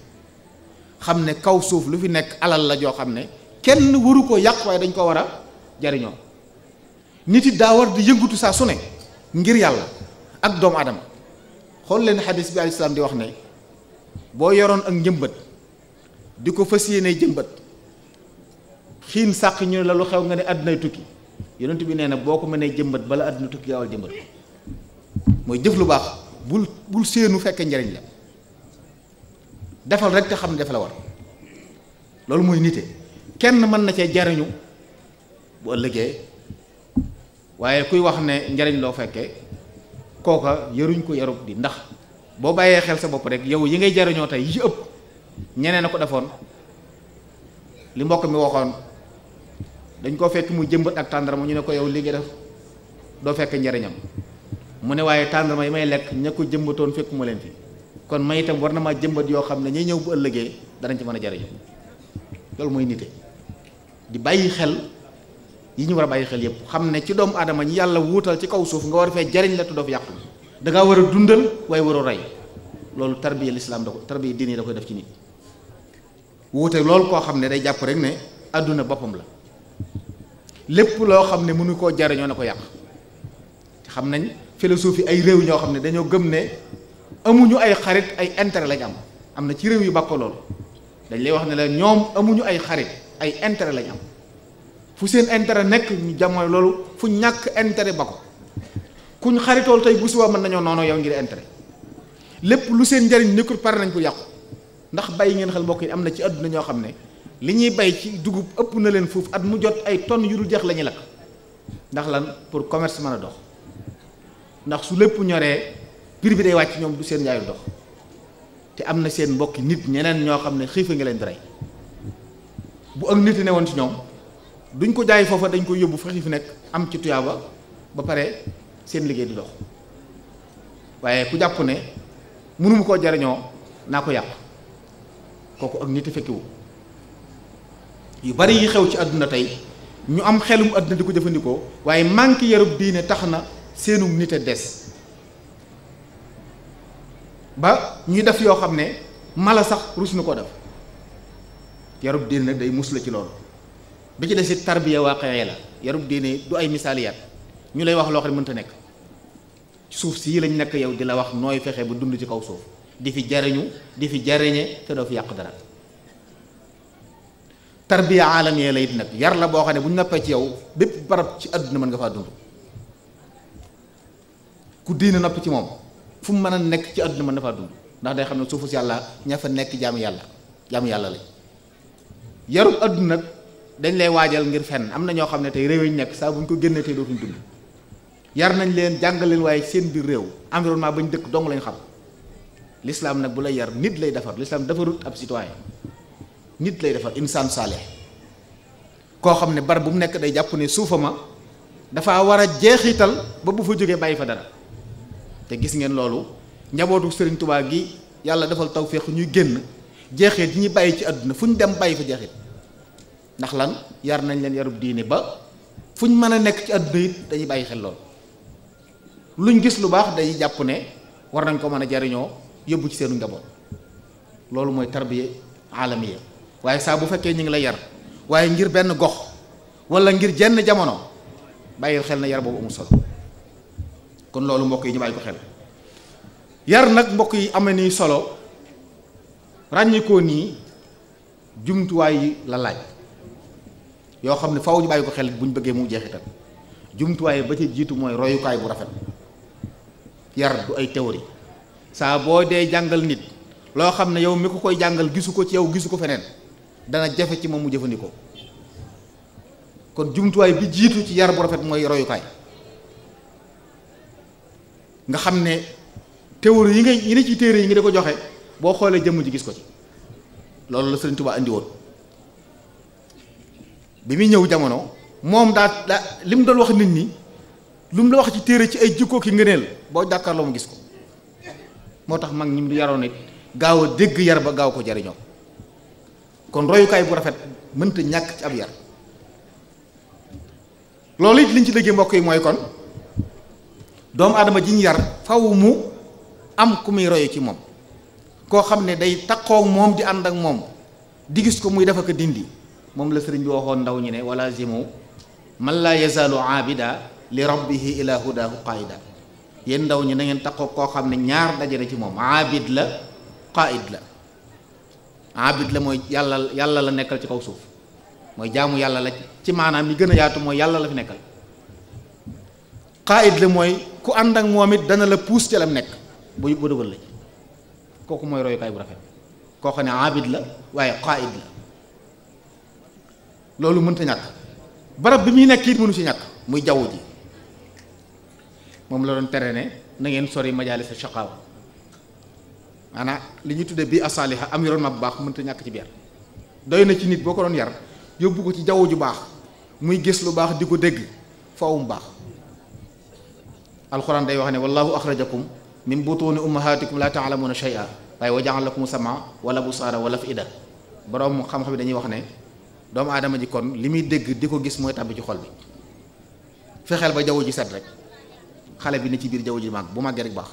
xam ne kaw suuf lu fi nekk alal la joo xam ne kenn waru koo yàq waaye dañ ko war a jariñoo nit it daa di yëngutu saa su ne ngir yàlla ak doomu aadama xool leen xadis bi alayhi salaam di wax ne boo yoroon ak njëmbët di ko fas yéene jëmbat xiin sàq ñu ne la lu xew nga ne àddunay tukki yonent bi nee na boo ko mënee jëmbat bala àdduna tukki gaawal jëmbat mooy jëf lu baax bul bul séenu fekke njariñ la defal rek te xam ne dafa la war loolu mooy nite kenn mën na cee jariñu bu ëllëgee waaye kuy wax ne njariñ loo fekkee kooka yëruñ ko yarub di ndax boo bàyyee xel sa bopp rek yow yi ngay jariñoo tey yi ëpp ñeneen a defoon li mbokk mi waxoon dañ koo fekk mu jëmbat ak tàndarma ñu ne ko yow li nga def doo fekk njariñam mu ne waaye tàndarma yi may lekk ña ko jëmbatoon fekkuma leen fi kon may itam war na maa jëmbat yoo xam ne ñay ñëw bu ëllëgee danañ ci mën a jariñu loolu mooy nite di bàyyi xel yi ñu war a bàyyi xel yépp xam ne ci doomu aadama ñi yàlla wuutal ci kaw suuf nga war fee jariñ la te doo fi yàqu da ngaa war a dundal waaye war rey loolu tarbiya lislaam da ko tarbiya diine da koy def ci nit wuute loolu koo xam ne day jàpp rek ne àdduna boppam la lépp loo xam ne nu koo jariñoo ne ko yàq xam nañ philosophie ay réew ñoo xam ne dañoo gëm ne amuñu ay xarit ay intérêt lañ am am na ci réew yu bàkko lool dañ lay wax ne la ay intérêt lañ am fu seen intérêt nekk ñu jamono loolu fu ñàkk intérêt ba ko kuñ xaritool tey bu subaa mën nañoo noonu yow ngir intérêt lépp lu seen njariñ nekkul pare nañ ko yàqu ndax bàyyi ngeen xel mbokk yi am na ci àdduna ñoo xam ne li ñuy bay ci dugub ëpp na leen foofu at mu jot ay tonnes yu dul jeex la ñuy ndax lan pour commerce mën a dox ndax su lépp ñoree prix bi day wàcc ñoom du seen njaayu dox te am na seen mbokki nit ñeneen ñoo xam ne xiifa nga leen di rey bu ak nit ne woon ci ñoom duñ ko jaay foofa dañ koy yóbbu fexe fi nekk am ci tuyaaba ba pare seen liggéey di dox waaye ku jàpp ne mënuma koo jariñoo naa ko yàq kooku ak nit fekkiwu yu bari yi xew ci àdduna tey ñu am xelum àdduna di ko jëfandikoo waaye manque yarub diine tax na seenum nit a des ba ñuy def yoo xam ne mala sax rus na koo def yarub diine nag day mus la ci loolu bi ci des si tarbiya waaqee la yarub diine du ay misaaliyaat ñu lay wax loo xam ne mënta nekk suuf sii lañ nekk yow di la wax nooy fexe ba dund ci kaw suuf di fi jariñu di fi jariñe te doo fi yàq dara tarbiya aalamiya la it nag yar la boo xam ne bu ñu noppee ci yow bépp barab ci àdduna mën nga faa dund ku diina nopp ci moom fu mën a nekk ci àdduna mën na faa dund ndax day xam ne suufu yàlla ña fa nekk jaamu yàlla jaamu yàlla yarum àdduna dañ lay waajal ngir fenn am na ñoo xam ne tey réew yi ñu nekk saa bu ñu ko génnee tey dootuñu dund yar nañ leen jàngal leen waaye seen biir réew environnement bañ dëkk dong lañu xam l'islam nag bu lay yar nit lay defar l'islam defarut ab citoyen nit lay defar insaan saalih koo xam ne bar bu mu nekk day jàpp ne suufa ma dafa war a jeexital ba bu fa jógee bàyyi fa dara te gis ngeen loolu njabootu Serigne tubaab gi yàlla defal taw tawféex ñuy génn jeexee yi ñu bàyyi ci àdduna fu ñu dem bàyyi fa jeexit ndax lan yar nañ leen yarub diine ba fu ñu mën a nekk ci àdduna it dañuy bàyyi xel lool luñ gis lu baax dañuy jàpp ne war nañ ko mën a jariñoo yóbbu ci seenu njaboot loolu mooy tarbiya alamiya waaye saa bu fekkee ñu ngi la yar waaye ngir benn gox walla ngir jenn jamono bàyyil xel na yar boobu amul solo kon loolu mbokk yi ñu bàyyi ko xel yar nag mbokk yi amee nii solo ràññikoo nii jumtuwaay yi la laaj yoo xam ne faw bàyyi ko xel bu ñu bëggee mu jeexital jumtuwaay ba ci jiitu mooy royukaay bu rafet yar du ay théorie saa boo dee jàngal nit loo xam ne yow mi ko koy jàngal gisu ko ci yow gisu ko feneen dana jafe ci moom mu jëfandikoo kon jumtuwaay bi jiitu ci yar bu rafet mooy royukaay nga xam ne théorie yi ngay yi ne ci téere yi nga di ko joxe boo xoolee jëmm ji gis ko ci loolu la Sëriñ Tuubaa andi woon bi muy ñëw jamono moom daa daa li mu doon wax nit ñi lu mu la wax ci téere ci ay jikkoo ki ngëneel boo jàkkaarloo mu gis ko moo tax mag ñi mu yaroon it gaaw a dégg yar ba gaaw ko jariñoo kon royukaay bu rafet mënta ñàkk ci ab yar loolu it liñ ci déggee mbokk yi mooy kon doomu aadama ji ñu yar faw mu am ku muy royu ci moom koo xam ne day taqoo moom di ànd ak moom di gis ko muy dafa ko dindi moom la sëriñ bi waxoon ndaw ñi ne walla zimu man laa yazaalu aabida li rabbihi ila hudahu qaayida yéen ndaw ñi nangeen ngeen koo xam ne ñaar dajale ci moom aabid la qaayid la aabid la mooy yàlla yàlla la nekkal ci kaw suuf mooy jaamu yàlla la ci maanaam li gën a yaatu mooy yàlla la fi nekkal qaayid la mooy ku ànd ak moom it dana la puus ca lam nekk bu bu dugal la ci kooku mooy royukaay bu rafet koo xam ne abid la waaye qaid la loolu mënta ñàkk barab bi muy nekk it mënu ci ñàkk muy jaww ji moom la doon tere ne na ngeen sori majaalis a shaqaawa maanaam li ñuy tuddee bi asaaliha am yoroon ma bu baax mënta ñàkk ci biir doy na ci nit boo ko doon yar yóbbu ko ci jaww ju baax muy gis lu baax di ko dégg fawum baax alxuraan day wax ne wallahu axrajakum min butuni ummahatikum la a shay'a waaye wa jaxal lakum sama wala busaara wala fida borom xam-xam yi dañuy wax ne doomu aadama ji kon li muy dégg di ko gis mooy tàbbi ci xol bi fexeel ba jaww ji set rek xale bi ne ci biir jaww ji màgg bu màggee rek baax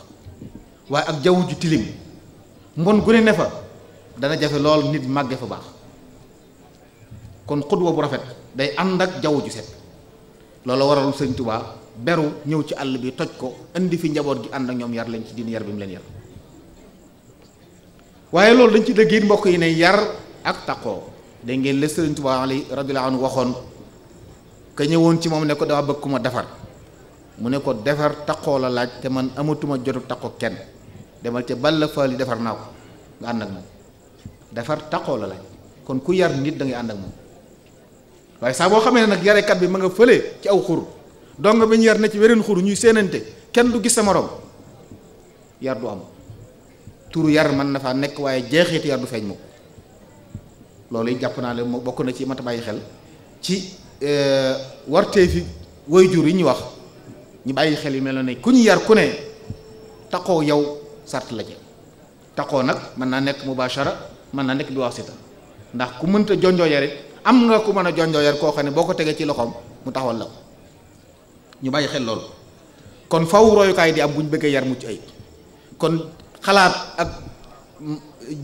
waaye ak jaww ji tilim mbon gu ne ne fa dana jafe lool nit màgge fa baax kon xudwa bu rafet day ànd ak jaww ji set loolu waral sëñ beru ñëw ci àll bi toj ko indi fi njaboot gi ànd ak ñoom yar lañ ci diin yar bi mu leen yar waaye loolu dañ ci dëgg mbokk yi ne yar ak taqoo da ngeen la Sëriñ Tuubaa ali waxoon ka ñëwoon ci moom ne ko dafa bëgg ku ma defar mu ne ko defar taqoo la laaj te man amatuma jotu taqoo kenn demal ca balla faali defar naa ko nga ànd ak moom defar taqoo la laaj kon ku yar nit da ànd ak moom waaye saa boo xamee nag yarekat bi ma nga fë ci aw xur dong bi ñu yar na ci weneen xur ñuy séenante kenn du gis sa morom yar du am turu yar mën na faa nekk waaye jeexit yar du feeñ moom loolu jàpp naa moo bokk na ci mat bàyyi xel ci euh, warteefi jur yi ñu wax ñu bàyyi xel yu mel ne ku ñu yar ku ne taxoo yow sart la ca taxoo nag mën naa nekk mubaashara mën naa nekk bi wasita ndax ku mënta jonjoo yarit am nga ku mën a jonjoo yar koo xam ne boo ko tegee ci loxoom mu taxawal la ko ñu bàyyi xel lool kon faw royukaay di am bu ñu bëggee yar mucc ayib kon xalaat ak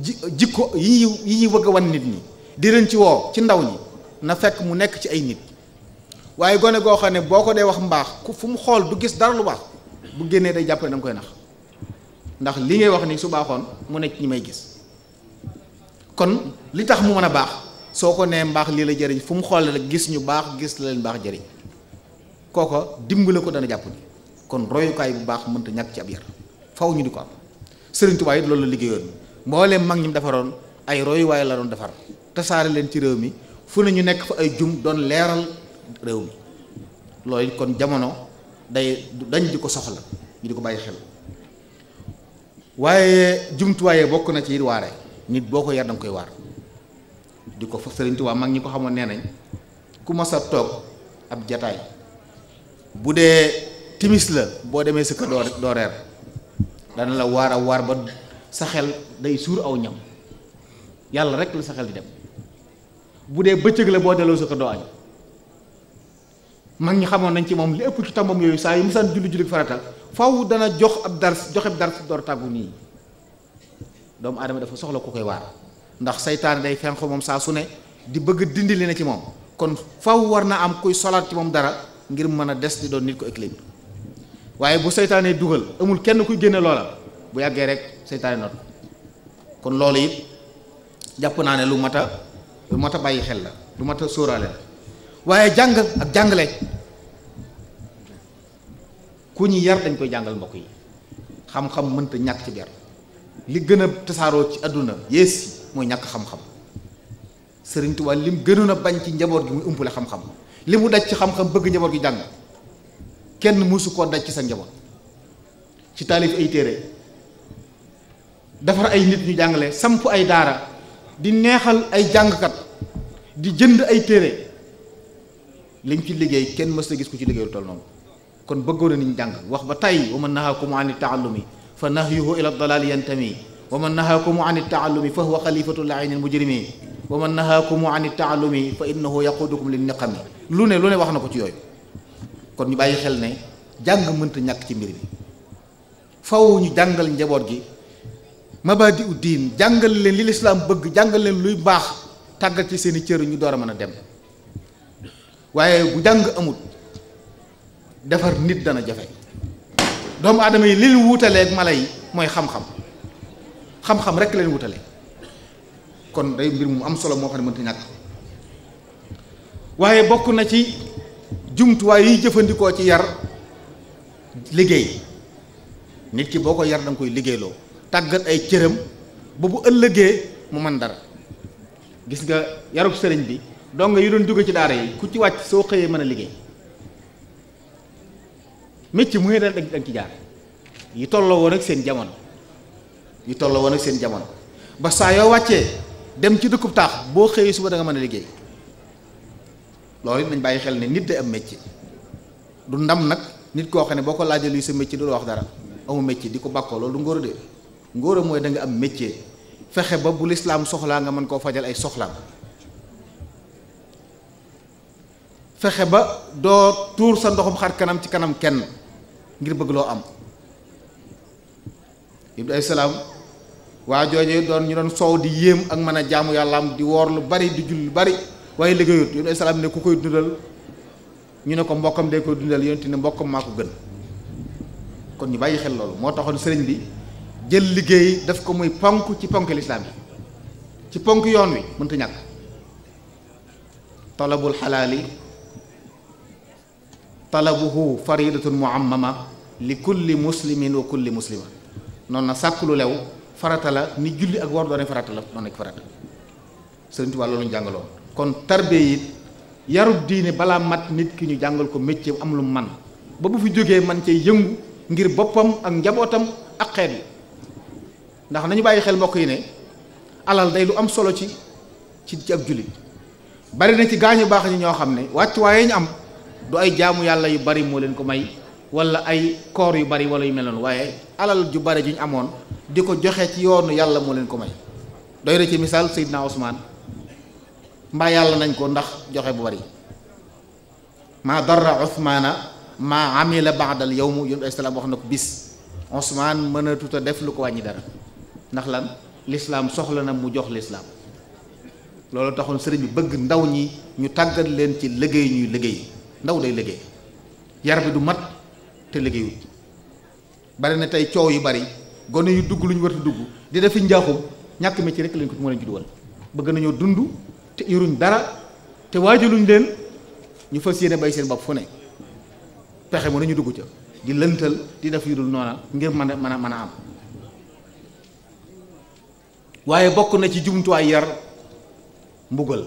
ji jikko yi ñu yi ñu bëgg a wan nit ñi di leen ci woo ci ndaw ñi na fekk mu nekk ci ay nit waaye gone goo xam ne boo ko dee wax mbaax ku fu mu xool du gis dara lu baax bu génnee day jàpp ne danga koy nax ndax li ngay wax ni su baaxoon mu nekk ñi may gis kon li tax mu mën a baax soo ko nee mbaax lii la jariñ fu mu xool la gis ñu baax gis la leen baax jëriñ kooko dimbale ko dana jàpp ni kon royukaay bu baax mënta ñàkk ci ab yar faw ñu di ko am sëriñ Tuubaa it loolu la liggéeyoon mbooleem mag ñi defaroon ay royuwaay la doon defar tasaare leen ci réew mi fu ne ñu nekk fa ay jum doon leeral réew kon jamono day dañ ko soxla ñu ko bàyyi xel waaye jumtuwaayee bokk na ci waare nit boo ko yar danga koy waar di ko fa sëriñ mag ñi ko xamoon nee nañ ku mas a toog ab jataay bu dee timis la boo demee sa doo doo reer dana la waar a waar ba sa xel day suur aw ñam yàlla rek la sa xel di dem bu dee bëccëg la boo delloo sa kër doo añ mag ñi xamoon nañ ci moom li ëpp ci tombam yooyu saa yu musaan julli julli farata faw dana jox ab dars joxe ab dars door tàggu nii doomu aadama dafa soxla ku koy waar ndax seytaane day fenq moom saa su ne di bëgg dindi li ne ci moom kon faw war na am kuy solaat ci moom dara ngir mën a des di doon nit ko équilibre waaye bu seytaanee dugal amul kenn kuy génne loola bu yàggee rek seytaane not kon loolu yi jàpp naa ne lu mat a lu mat a bàyyi xel la lu mat a sóoraale la waaye jàng ak jàngale ku ñu yar dañ koy jàngal mbokk yi xam-xam mënta ñàkk ci biir li gën a tasaaroo ci àdduna yées yi mooy ñàkk xam-xam Sëriñ Tuubaa lim gënoon na bañ ci njaboot gi muy umpale xam-xam li mu daj ci xam-xam bëgg njaboot gi jàng kenn mësu koo daj ci sa njaboot ci taalif ay téere defar ay nit ñu jàngale samp ay daara di neexal ay jàngkat di jënd ay téere liñ ci liggéey kenn mës na gis ku ci liggéey lu toll noonu kon bëggoon na niñ jàng wax ba tey wa man nahaakum an taallumi fa nahyuhu ila dalaali yantami wa man nahaakum an taallumi fa huwa xalifatul ayni al mujrimi wa man nahaakum an taallumi fa innahu yaqudukum lin niqami lu ne lu ne wax na ko ci yooyu kon ñu bàyyi xel ne jàng mënta ñàkk ci mbir mi faw ñu jàngal njaboot gi mabadi uddin jàngal leen li lislaam bëgg jàngal leen luy baax tàggat ci seeni cër ñu door a mën a dem waaye bu jàng amut defar nit dana jafe doomu aadama yi li ñu wutaleeg mala yi mooy xam-xam xam-xam rek leen wutale kon day mbir mu am solo moo xam ne mënta ñàkk waaye bokk na ci jumtuwaay yiy jëfandikoo ci yar liggéey nit ki boo ko yar danga koy liggéeyloo tàggat ay cëram ba bu ëllëgee mu man dara gis nga yarub sëriñ bi donga yu doon dugg ci daara yi ku ci wàcc soo xëyee mën a liggéey mécc mu ne dal da nga ci jaar yi tolloo woon ak seen jamono yi tolloo woon ak seen jamono ba saa yoo wàccee dem ci dëkku taax boo xëyee suba da nga mën a liggéey loolu nañ bàyyi xel ne nit day am métier du ndam nag nit koo xam ne boo ko laajee luy sa métier du la wax dara amu métier di ko bàkkoo loolu du ngóor de ngóor mooy danga nga am métier fexe ba bu lislaam soxlaa nga mën koo fajal ay soxlaam fexe ba doo tuur sa ndoxum xar kanam ci kanam kenn ngir bëgg loo am ibnu ay salaam waa jooje doon ñu doon soow di yéem ak mën a jaamu yàlla am di woor lu bari di jul lu bari waaye liggéeyut yónni salaam ne ku koy dundal ñu ne ko mbokkam day koy dundal yónni ne mbokkam maa ko gën kon ñu bàyyi xel loolu moo taxoon sëriñ bi jël liggéey daf ko muy ponk ci ponk lislaam yi ci ponk yoon wi mënta ñàkk talabul xalaali talabuhu faridatun muammama li kulli muslimin wa kulli muslima noonu na sàkk lu lew farata la ni julli ak war doone farata la doon nekk farata sëriñ Tuubaa loolu ñu jàngaloon kon tarbiya it yarub diine balaa mat nit ki ñu jàngal ko métier am lu man ba bu fi jógee man cee yëngu ngir boppam ak njabootam ak xeet yi ndax nañu bàyyi xel mbokk yi ne alal day lu am solo ci ci ci ab jullit bari na ci gaañu baax ñi ñoo xam ne wàccuwaay yi ñu am du ay jaamu yàlla yu bari moo leen ko may wala ay koor yu bari wala yu mel noonu waaye alal ju bari ju amoon di ko joxe ci yoonu yàlla moo leen ko may doy na ci misaal Seydina Ousmane mbaa yàlla nañ ko ndax joxe bu bari maa darra Ousmane maa amila baadal yow mu yónni islaam wax na ko bis Ousmane mënatut a def lu ko wàññi dara ndax lan lislaam soxla na mu jox lislaam loolu taxoon sëriñ bi bëgg ndaw ñi ñu tàggat leen ci liggéey ñuy liggéey ndaw day liggéey yar bi du mat te liggéeyut bari na tey coow yu bari gone yu dugg lu ñu war dugg di def fi njaaxum ñàkk métier rek lañ ko moo leen ci dugal bëgg nañoo dund. te iruñ dara te waajaluñ leen ñu fas yéene bay seen bopp fu ne pexe mu nañu dugg ca di lëntal di def yu dul noona ngir mën a mën a mën a am waaye bokk na ci jumtuwaay yar mbugal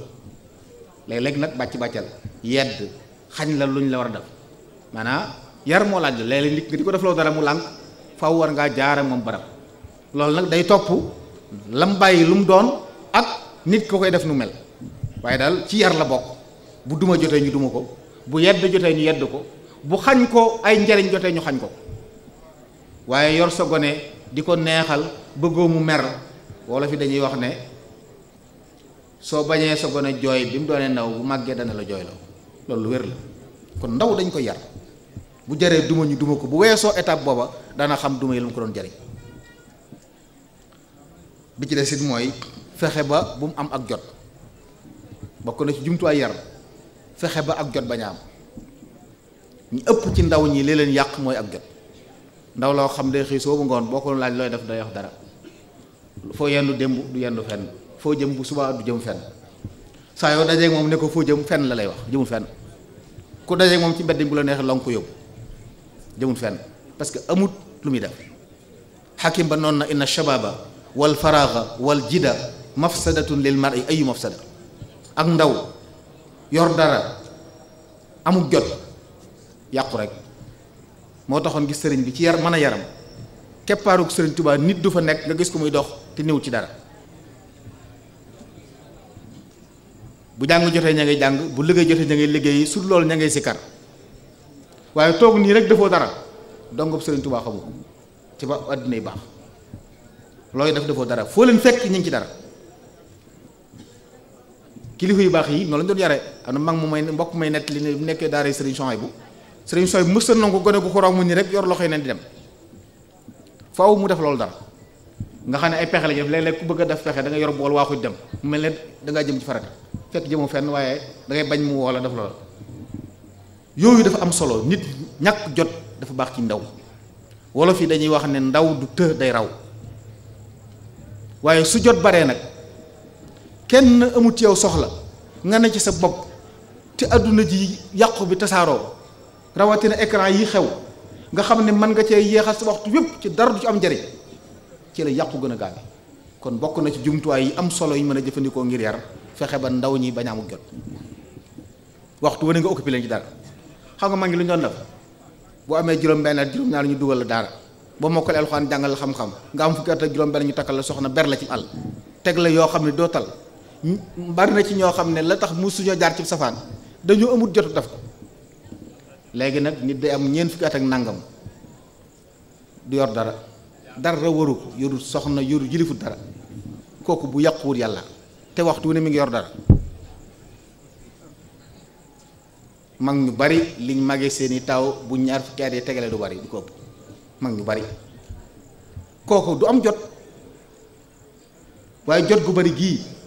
léeg-léeg nag bàcc bàccal yedd xañ la luñ la war a def maanaa yar moo laaj la léeg-léeg nit nga di ko def loo dara mu lànk faw war ngaa jaare moom barab loolu nag day topp lam bàyyi lu mu doon ak nit ko koy def nu mel waaye daal ci yar la bokk bu duma jotee ñu duma ko bu yedd jotee ñu yedd ko bu xañ ko ay njariñ jotee ñu xañ ko waaye yor sa gone di ko neexal bëggoo mu mer woolo fi dañuy wax ne soo bañee sa gone jooy bi mu doonee ndaw bu màggee dana la jooyloo loolu lu wér la kon ndaw dañ ko yar bu jaree duma ñu duma ko bu weesoo étape booba dana xam duma yi lu mu ko doon jariñ bi ci des it mooy fexe ba bu mu am ak jot bokk na ci jumtuwaay yar fexe ba ak jot bañ a am ñu ëpp ci ndaw ñi li leen yàq mooy ak jot ndaw loo xam day xëy soobu ngoon boo ko laaj looy def day wax dara foo yendu démb du yendu fenn foo jëm bu subaa du jëm fenn saa yoo dajeeg moom ne ko foo jëm fenn la lay wax jëmul fenn ku dajeeg moom ci mbedd bu la neexee lonk ko yóbbu jëmul fenn parce que amut lu muy def xakim ba noonu na inna shababa wal faraaga wal jida mafsadatun lil ay ayu mafsada ak ndaw yor dara amul jot yàqu rek moo taxoon gi sëriñ bi ci yar mën a yaram keppaarug sëriñ tubaa nit du fa nekk nga gis ko muy dox te néew ci dara bu jàng jotee ña ngay jàng bu liggéey jotee ña ngay liggéey su loolu ña ngay sikkar waaye toog nii rek dafoo dara dongob sëriñ Tuubaa xamu ci ba àddina yi baax looy def defoo dara foo leen fekk ñu ci dara kilifa yu baax yi noonu lañ doon yare am na mag mu may mbokk may nett li mu nekkee daara Serigne Sohay bu Serigne Sohay bu ko gone gu xuraw mu ni rek yor loxo yi neen di mu def loolu dara nga xam ne ay pexe la def léeg-léeg bëgg a def pexe da yor bool waaxuj dem mu mel da ngaa jëm ci farata fekk jëmoo fenn waaye da bañ mu woo la def loolu yooyu dafa am solo nit ñàkk jot dafa baax ci ndaw wolof yi dañuy wax ne ndaw du të day raw waaye su jot baree nag kenn amut yow soxla nga ne ci sa bopp te àdduna ji yàqu bi tasaaroo rawatina écran yi xew nga xam ne mën nga cee yeexal sa waxtu yépp ci dara du ci am njariñ ci la yàqu gën a gaaw kon bokk na ci jumtuwaay yi am solo yi mën a jëfandikoo ngir yar fexe ba ndaw ñi bañ a amul jot waxtu wane nga occupé leen ci dara xam nga maa ngi lu ñu doon def boo amee juróom-benn at juróom-ñaar ñu dugal la daara boo mokkale alxuraan jàngal xam-xam nga am fukki at ak juróom ñu takkal soxna ber la ci àll teg yoo xam ne doo bari na ci ñoo xam ne la tax mu suñoo jaar ci safaan dañoo amut jot def ko léegi nag nit day am ñeent fukki ak nangam du yor dara dara waru ko soxna yorul jilifut dara kooku bu yàquwut yàlla te waxtu wu ne mi ngi yor dara mag ñu bari liñ mage seeni taw bu ñaar fukki at yi tegale du bari du ko ëpp mag ñu bari kooku du am jot waaye jot gu bari gii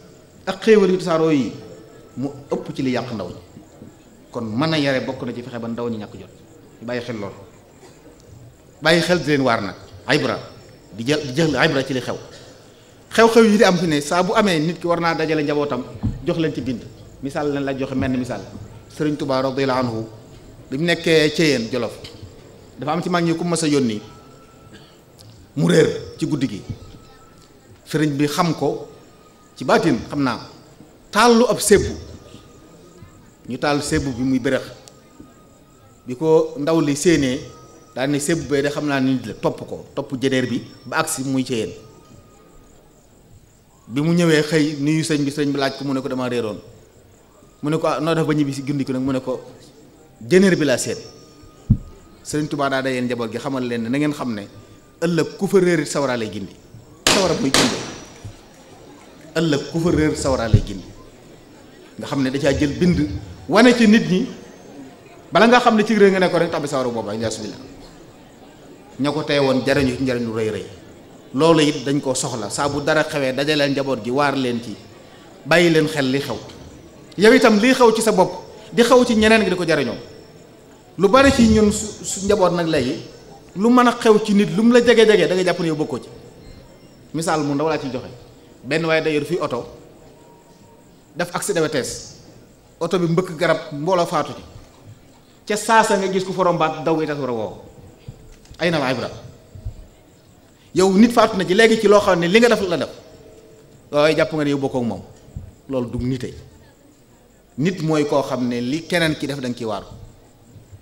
ak xéewal yu tasaaroo yi mu ëpp ci li yàq ndaw ñi kon mën na yare bokk na ci fexe ba ndaw ñi ñàkk jot bàyyi xel lool bàyyi xel di leen waar nag ibra di jël di jël ibra ci li xew xew-xew yi di am fi ne saa bu amee nit ki war naa dajale njabootam jox leen ci bind misaal leen la joxe mel ni misaal sëriñ Tuubaa radiyallaahu anhu bi mu nekkee Ceyeen Jolof dafa am ci mag ñi ku mas yónni mu réer ci guddi gi sëriñ bi xam ko ci baatin xam naa ko taal lu ab sebbu ñu taal sebbu bi muy bërëx bi ko ndaw li séenee daal ne sebbu bee de xam naa nit la topp ko topp jëneer bi ba agsi muy ci bi mu ñëwee xëy nuyu sëñ bi sëñ bi laaj ko mu ne ko dama réeroon mu ne ko ah noo def ba ñibbi si gindi ko nag mu ne ko jëneer bi laa séen sëriñ Tuubaa daa dajeen njaboot gi xamal leen ne na ngeen xam ne ëllëg ku fa réer sawara lay gindi sawara muy gindi ëllëg ku fa réer sawara lay génn nga xam ne da caa jël bind wane ci nit ñi bala nga xam ne ci réer nga ne ko rek tàbbi sawara booba yasubillah ña ko tey woon jariñu ci njariñ rëy rëy loolu it dañ koo soxla saa bu dara xewee dajaleen njaboot gi waar leen ci bàyyi leen xel li xew yow itam li xew ci sa bopp di xew ci ñeneen gi di ko jariñoo lu bari ci ñun su njaboot nag léegi lu mën a xew ci nit lu mu la jege jege da nga jàpp ne yow bokkoo ci misaal mu ndaw laa ciy joxe benn waaye day yor fii oto def accident de vitesse oto bi mbëkk garab mbooloo faatu ci ca saasa nga gis ku forombaat daw yi tas war a woo ay nit faatu na ci léegi ci loo xam ne li nga def la def waaye jàpp nga ne yow bokkoo moom loolu du nite nit mooy koo xam ne li keneen ki def da nga ciy waaru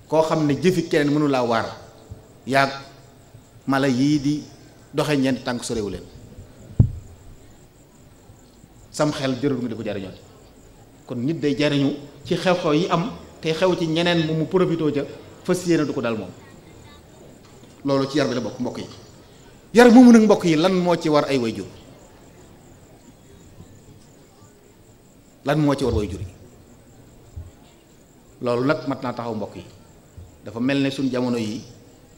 koo xam ne jëfi keneen mënu laa waar yaag mala yii di doxe ñeent tànk sorewu leen sam xel jërul nga di ko jariñoo kon nit day jariñu ci xew-xew yi am te xew ci ñeneen mu mu profitoo ca fas yéene du ko dal moom loolu ci yar bi la bokk mbokk yi yar moomu nag mbokk yi lan moo ci war ay wayjur lan moo ci war jur yi loolu nag mat naa taxaw mbokk yi dafa mel ne suñ jamono yi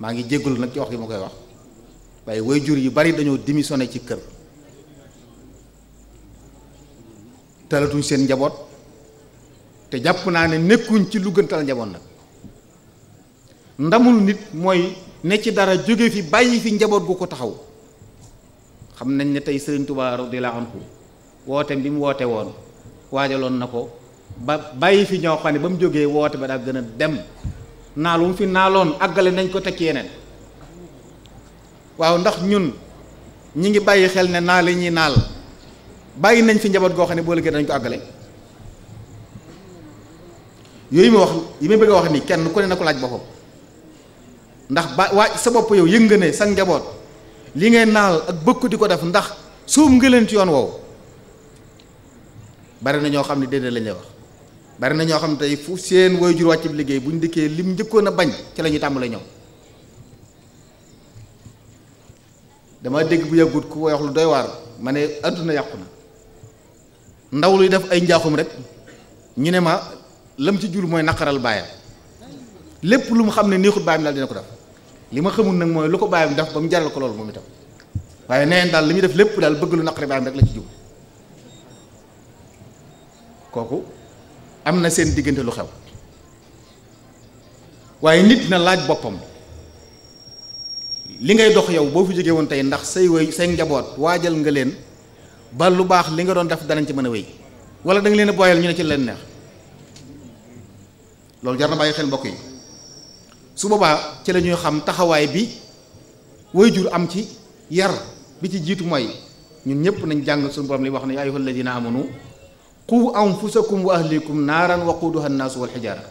maa ngi jéggul nag ci wax gi ma koy wax waaye wayjur yu bari dañoo démissionné ci kër talatuñ seen njaboot te jàpp naa ne nekkuñ ci lu gën tal njaboot nag ndamul nit mooy ne ci dara jóge fi bàyyi fi njaboot gu ko taxaw xam nañ ne tey Sëriñ Tuubaa radiyallaahu anhu wooteem bi mu woote woon waajaloon na ko ba bàyyi fi ñoo xam ne ba mu jógee woote ba daa gën a dem naa lu mu fi naaloon àggale nañ ko teg yeneen waaw ndax ñun ñi ngi bàyyi xel ne naa la ñuy naal bàyyi nañ fi njaboot goo xam ne boo liggéey dañ ko àggale yooyu ma wax yi may bëgg wax nii kenn ku ne na ko laaj boppam ndax ba waa sa bopp yow yëngane ne njaboot li ngay naal ak bëkk di ko def ndax suum nga ci yoon woowu bari na ñoo xam ne déedéet lañ wax bari na ñoo xam ne tey fu seen waajur wàcc bi liggéey bu buñ dikkee mu njëkkoon a bañ ci la ñuy tàmbalee ñëw dama dégg bu yàggut ku wax lu doy waar ma ne àdduna yàqu na ndaw luy def ay njaaxum rek ñu ne ma lam ci jur mooy naqaral baayam lépp lu mu xam ne neexut baayam daal dina ko def li ma xamul nag mooy lu ko baayam def ba mu jaral ko loolu moom itam waaye neen daal li muy def lépp daal bëgg lu la ci jub am na seen diggante lu xew waaye nit na laaj boppam li ngay dox yow boo fi jógee woon tey ndax say way say njaboot waajal nga leen ba lu baax li nga doon def danañ ci mën a wéy wala da nga leen a booyal ñu ne ci leen neex loolu jar xel mbokk yi su boobaa ci la xam taxawaay bi waajur am ci yar bi ci jiitu mooy ñun ñëpp nañ jàng suñu borom li wax ne yaa ayyuhal ladina amanu qu anfusakum wa ahlikum wa waquduha annaasu wal xijaara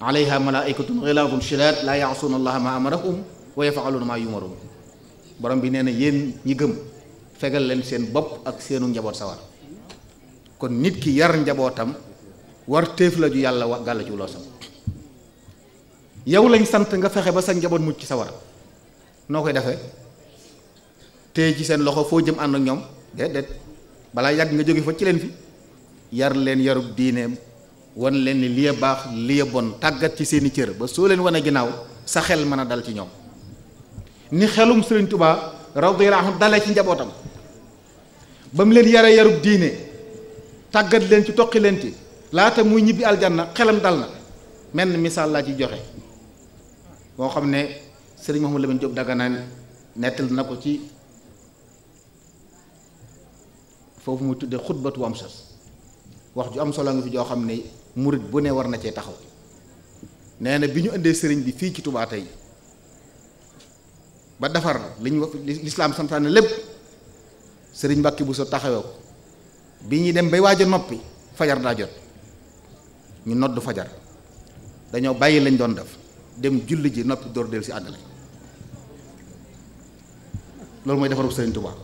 alayha malaaikatun xilaadun shidaad laa yaasuuna allaha ma amarahum wa yafaluuna maa yumaruun borom bi nee na yéen ñi gëm fegal leen seen bopp ak seenu njaboot sawar kon nit ki yar njabootam war téef ju yàlla wa gàlla ci loosam yow lañ sant nga fexe ba sa njaboot mucc ci sa war noo koy defe téye ci seen loxo foo jëm ànd ak ñoom déedéet balaa yàgg nga jóge fa ci leen fi yar leen yarub diineem wan leen ni liye baax liye bon tàggat ci seeni cër ba soo leen wane ginnaaw sa xel mën a dal ci ñoom ni xelum Sëriñ Tubaa radiyallahu anhu dalee ci njabootam ba mu leen yare yarub diine tàggat leen ci toqi leen ci laata muy ñibbi aljanna xelam dal na menn misaal laa ci joxe boo xam ne sëriñ Mouhamadou Lamine Diop Dagana nettal na ko ci foofu muy tuddee xutbatu am sas wax ju am solo nga fi joo xam ne murit bu ne war na cee taxaw nee na bi ñu indee sëriñ bi fii ci Touba tey ba defar li ñu lislaam santaane lépp sëriñ Mbàkke Buso taxawee ko bi ñuy dem bay waaja a noppi fajar daa jot ñu nodd fajar dañoo bàyyi lañ doon def dem julli ji noppi door del si àggale loolu mooy defaru sëriñ Touba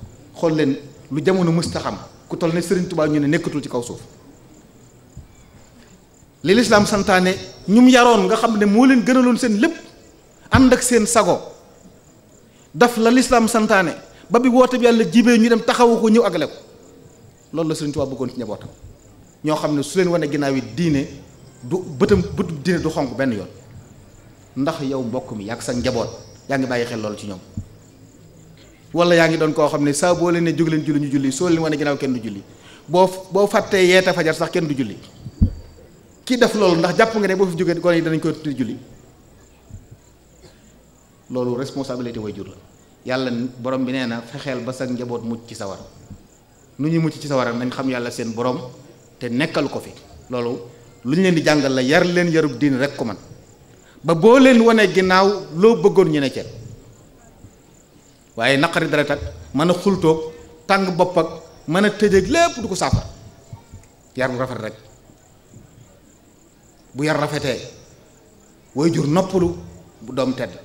xool leen lu jamono mësta xam ku toll ne sëriñ Touba ñu ne nekkatul ci kaw suuf li lislaam santaane ñum yaroon nga xam ne moo leen gënaloon seen lépp ànd ak seen sago daf la lislaam santaane ba bi woote bi yàlla jibee ñu dem taxawu ko ñëw agale ko loolu la Sëriñ Tuubaa bëggoon ci njabootam ñoo xam ne su leen wane ginnaaw yi diine du bëtam bëtu diine du xonq benn yoon ndax yow mbokk mi yàgg sa njaboot yaa ngi bàyyi xel loolu ci ñoom wala yaa ngi doon koo xam ne saa boo leen ne jóg leen julli ñu julli soo leen wane ginnaaw kenn du julli boo boo fàttee yeete fajar sax kenn du julli kii def loolu ndax jàpp nga ne boo fi jógee gone yi danañ ko julli loolu responsabilité jur la yàlla borom bi nee na fexeel ba sag njaboot mucc ci sawar nu ñuy mucc ci sawara nañ xam yàlla seen borom te nekkal ko fi loolu lu ñu leen di jàngal la yar leen yarub diin rek ko man ba boo leen wanee ginnaaw loo bëggoon ñu ne ceeb waaye naqari dara kat mën a xultoog tàng bopp mën a tëjëg lépp du ko saafara yar bu rafet rek bu yar rafetee way jur noppalu bu doom tedd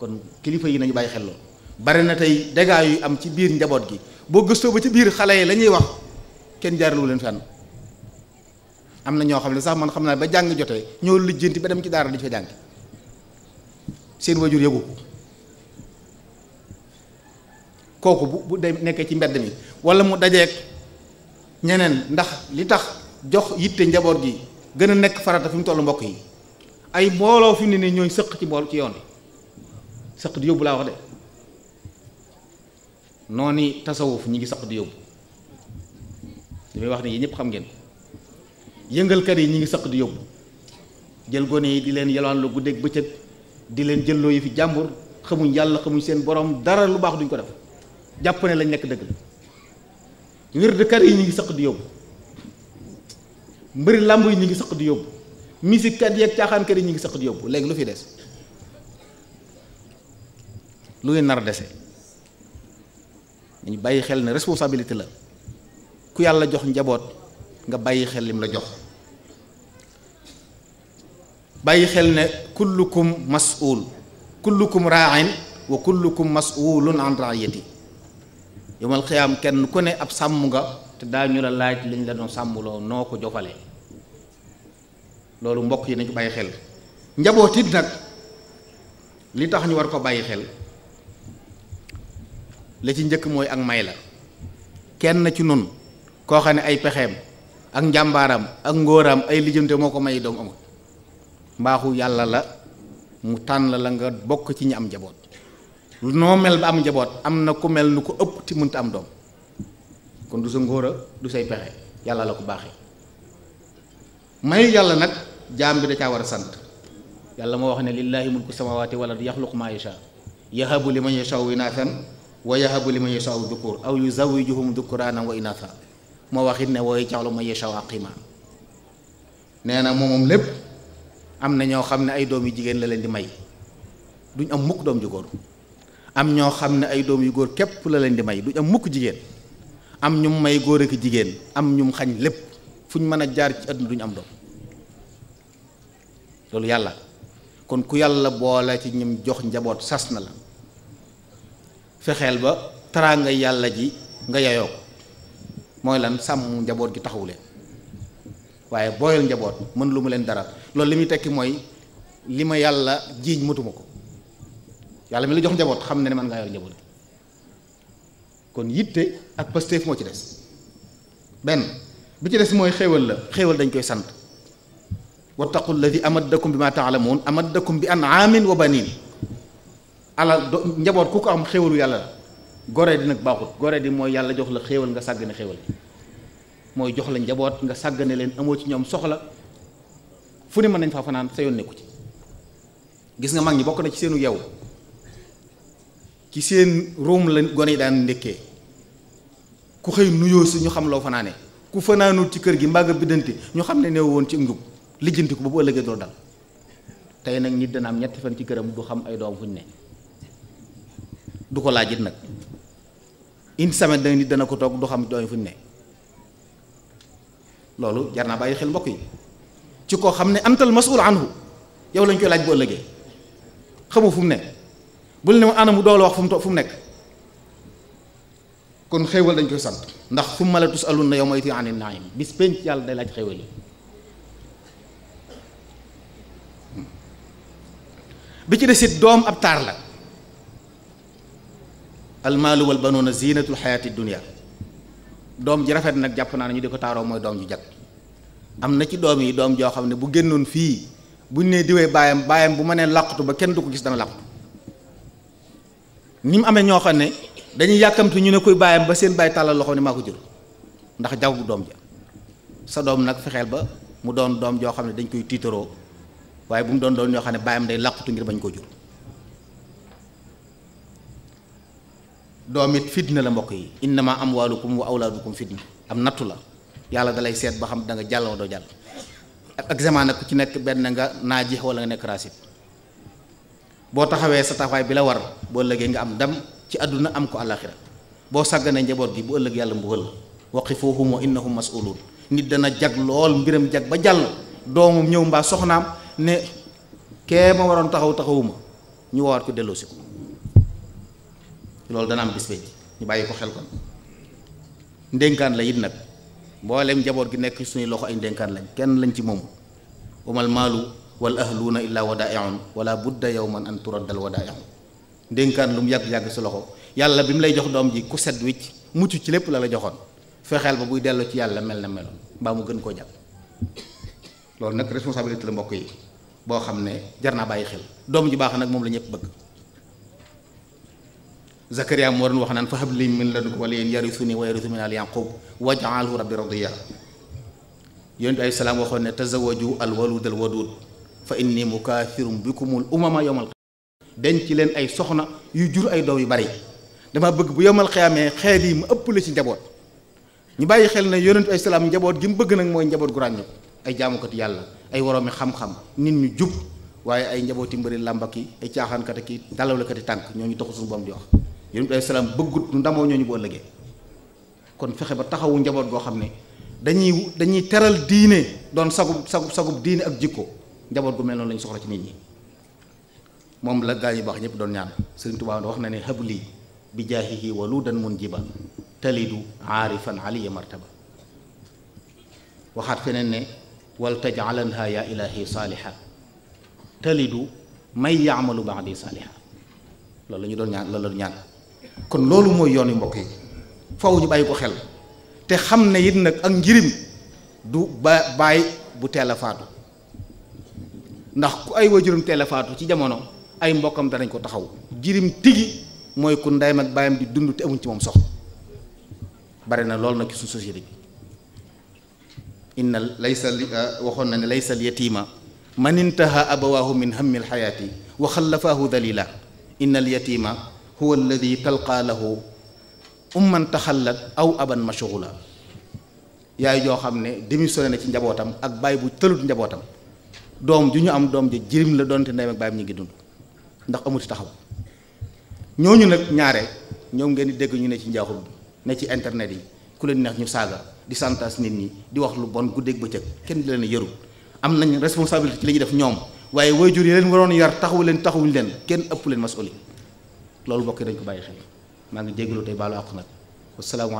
kon kilifa yi nañu bàyyi xelloo bari na tey dégâts yu am ci biir njaboot gi boo gëstoo ba ci biir xale yi lañuy wax kenn jaaralu leen fenn am na ñoo xam ne sax man xam naa ba jàng jotee ñoo lijjanti ba dem ci daara di fa jàng seen wajur yëgu kooku bu bu de nekkee ci mbedd mi wala mu dajeek ñeneen ndax li tax jox yitte njaboot gi gën a nekk farata fi mu toll mbokk yi ay mbooloo fi mu ne ñooy sëq ci mbool ci yoon sëq di yóbbu laa wax de noonu tasawuf ñi ngi sëq di yóbbu damay wax ne yéen ñëpp xam ngeen yëngalkat yi ñu ngi sëq di yóbbu jël gone yi di leen yalwaan lu guddeeg bëccëg di leen jëlloo yi fi jàmbur xamuñ yàlla xamuñ seen borom dara lu baax duñ ko def jàpp ne lañ nekk dëgg la wérdkat yi ñi ngi sëq di yóbbu mbëri làmb yi ñi ngi sëq di yóbbu musique kat yeeg caaxaankat yi ñi ngi sëq di yóbbu léegi lu fi des lu ngeen nar dese ñu bàyyi xel ne responsabilité la ku yàlla jox njaboot nga bàyyi xel lim la jox bàyyi xel ne kullukum mas'ul kullukum ra'in wa kullukum mas'ulun an ra'iyati yawmal qiyaam kenn ku ne ab sàmm nga te daañu la laaj liñ la doon sàmmloo noo ko jofale loolu mbokk yi nañu bàyyi xel njaboot it nag li tax ñu war ko bàyyi xel la ci njëkk mooy ak may la kenn ci nun koo xam ne ay pexeem ak njàmbaaram ak ngóoraam ay lijjante moo ko may doom amul mbaaxu yàlla la mu tànn la nga bokk ci ñi am njaboot lu noo mel ba am njaboot am na ku mel lu ko ëpp ti mënta am doom kon du sa ngóora du say pexe yàlla la ko baaxee mayu yàlla nag jaam bi da caa war a sant yàlla moo wax ne lillaahi mulku samaawaati wal ardi yaxluqu maa yashaa yahabu liman yashaa'u inaasan wa yahabu liman yashaau dukur aw yuzawijuhum dukuraanan wa inatha moo wax it ne wa yaj'alu man yashaau aqima nee na moomoom lépp am na ñoo xam ne ay doom yu jigéen la leen di may duñ am mukk doom ju góor am ñoo xam ne ay doom yu góor képp la leen di may duñ am mukk jigéen am ñum may góor ak jigéen am ñum xañ lépp fuñ mën a jaar ci àdduna duñ am doom loolu yàlla kon ku yàlla boole ci ñum jox njaboot sas na la fexeel ba taraanga yàlla ji nga yayoo ko mooy lan sàmm njaboot gi taxawu leen waaye booyal njaboot mën lu mu leen dara loolu li muy tekki mooy li ma yàlla jiiñ matuma ko yàlla mi la jox njaboot xam ne ne man ngaa yor njaboot kon yitte ak pasteef moo ci des benn bi ci des mooy xéewal la xéewal dañ koy sant la wattaqu alladi amaddakum bi ma amat dëkkum bi anaamin wa baniin alal do njaboot ku ko am xéwalu yàlla la gore di nag baaxut gore di mooy yàlla jox la xéwal nga sàgg sàggane xéwal mooy jox la njaboot nga sàggane leen amoo ci ñoom soxla fu ne mën nañ faa fanaan sa yoon nekku ci gis nga mag ñi bokk na ci seenu yow ci seen room la gone yi daan ndekkee ku xëy nuyoo si ñu xam loo fanaane ku fanaanul ci kër gi mbaa nga biddante ñu xam ne néew woon ci njub lijjanti ko ba bu ëllëgee doo dal tey nag nit dana am ñetti fan ci këram xam ay doom ne du ko laaj laajit nag une semaine danga nit dana ko toog du xam dooy fu ñu ne loolu jar naa bàyyi xel mbokk yi ci koo xam ne antal masul anhu yow lañ koy laaj bu ëllëgee xamu fu mu ne bul ne ma anamu doo la wax fu mu fu mu nekk kon xéewal dañ koy sant ndax summa la tusaluna yawma itin naa yi bis penc yàlla day laaj xéewal yi bi ci des desit doom ab taar la almaalu wal banuuna ziinatul xayaati dunia doom ji rafet nag jàpp naa ne ñu di ko taaroo mooy doom ju jag am na ci doom yi doom joo xam ne bu génnoon fii bu ñu nee diwee baayam baayam bu ma nee làqatu ba kenn du ko gis dana làqatu ni mu amee ñoo xam ne dañuy yàkkamtu ñu ne koy baayam ba seen baay tàllal loxo ne maa ko jur ndax jagu doom ja sa doom nag fexeel ba mu doon doom joo xam ne dañ koy tiitaroo waaye bu mu doon doon ñoo xam ne baayam day làqatu ngir bañ koo jur doom it fitna la mbokk yi ma am innama amwaalukum wa awlaadukum fitna am nattu la yàlla dalay seet ba xam da nga jàll wa doo jàll ak examen nag ku ci nekk benn nga naajix wala nga nekk raasib boo taxawee sa taxawaay bi la war boo ëllëgee nga am ndam ci àdduna am ko àllaaxira boo sàgganee njaboot gi bu ëllëg yàlla mbugal la waqifuhum wa innahum mas'uluun nit dana jag lool mbiram jag ba jàll doomu ñëw mbaa soxnaam ne kee ma waroon taxaw taxawuma ñu woowaat ko delloosi ko loolu danaa am bis bi ñu bàyyi ko xel kon ndénkaan la yit nag mboolem njaboot gi nekk suñuy loxo ay ndénkaan lañ kenn lañ ci moom umal maalu wal ahluuna illaa wadaa'iun wala man yawman an turaddal wadaa'iun ndénkaan lu mu yàgg-yàgg sa loxo yàlla bi mu lay jox doom ji ku set wicc mucc ci lépp la la joxoon fexeel ba buy delloo ci yàlla mel na meloon mbaa mu gën koo jàpp loolu nag responsabilité la mbokk yi boo xam ne jar naa bàyyi xel doom ji baax nag moom la ñëpp bëgg Zakaria moo doon wax naan fahab li min ladunka waliyyan yarithuni wa yarithu min al yaqub waj'alhu rabbi radiya yonent ay salaam waxoon ne tazawaju al walud al wadud fa inni mukathirun bikumul umama yawmal qiyaama denc leen ay soxna yu jur ay doom yu bari dama bëgg bu yawmal qiyaamee xeet yi ma ëpp la ci njaboot ñu bàyyi xel ne yonent ay salaam njaboot gi mu bëgg nag mooy njaboot gu ràññu ay jaamukat yàlla ay woroomi xam-xam nit ñu jub waaye ay njabooti mbëri làmba ki ay caaxaankat ak i dalawlakat tànk ñoo ñu taxu suñu boom di yonent bi alayhi ndamoo ñooñu bu ëllëgee kon fexe ba taxawu njaboot goo xam ne dañuy dañuy teral diine doon sagub sagub sagub diine ak jikko njaboot gu mel noonu la soxla ci nit ñi moom la gaa yi baax ñëpp doon ñaan Sëriñ Tuubaa wax na ne habli bi jaahihi waludan munjiba talidu aarifan aliya martaba waxaat feneen ne wal tajcalanha yaa ilaahi saaliha talidu may yaamalu baadi saaliha loolu la doon ñaan loolu la ñaan kon loolu mooy yoon yu mbokk yi faaw ñu bàyyi ko xel te xam na it nag ak njirim du ba bu teel a faatu ndax ku ay waajuram teel a faatu ci jamono ay mbokkam danañ ko taxaw jirim tigi mooy ku ndeyam ak baayam di dund te amuñ ci moom soxla bare na loolu nag ci suñu société bi inna laysa ah, waxoon na ne laysa al yatiima man intaha abawaahu min hammi alxayaati wa xallafaahu dalila inna al yatiima huwa alladi talqaa lahu umman taxallat aw aban mashghula yaay joo xam ne démissionné na ci njabootam ak baay bu tëlut njabootam doom ju ñu am doom ji jirim la doonte ndeyam ak baayam ñu ngi dund ndax amuti taxaw ñooñu nag ñaare ñoom ngeen di dégg ñu ne ci njaaxul ne ci internet yi ku leen neex ñu saaga di santas nit ñi di wax lu bon guddeeg bëccëg kenn di leen yëru am nañ responsabilité ci li ñuy def ñoom waaye waajur yi leen waroon yar taxawu leen taxawuñ leen kenn ëpp leen masoli loolu bokk dañ ko bàyyi xel maa ngi jégalu tey baalu àq nag wasalaamaaleykum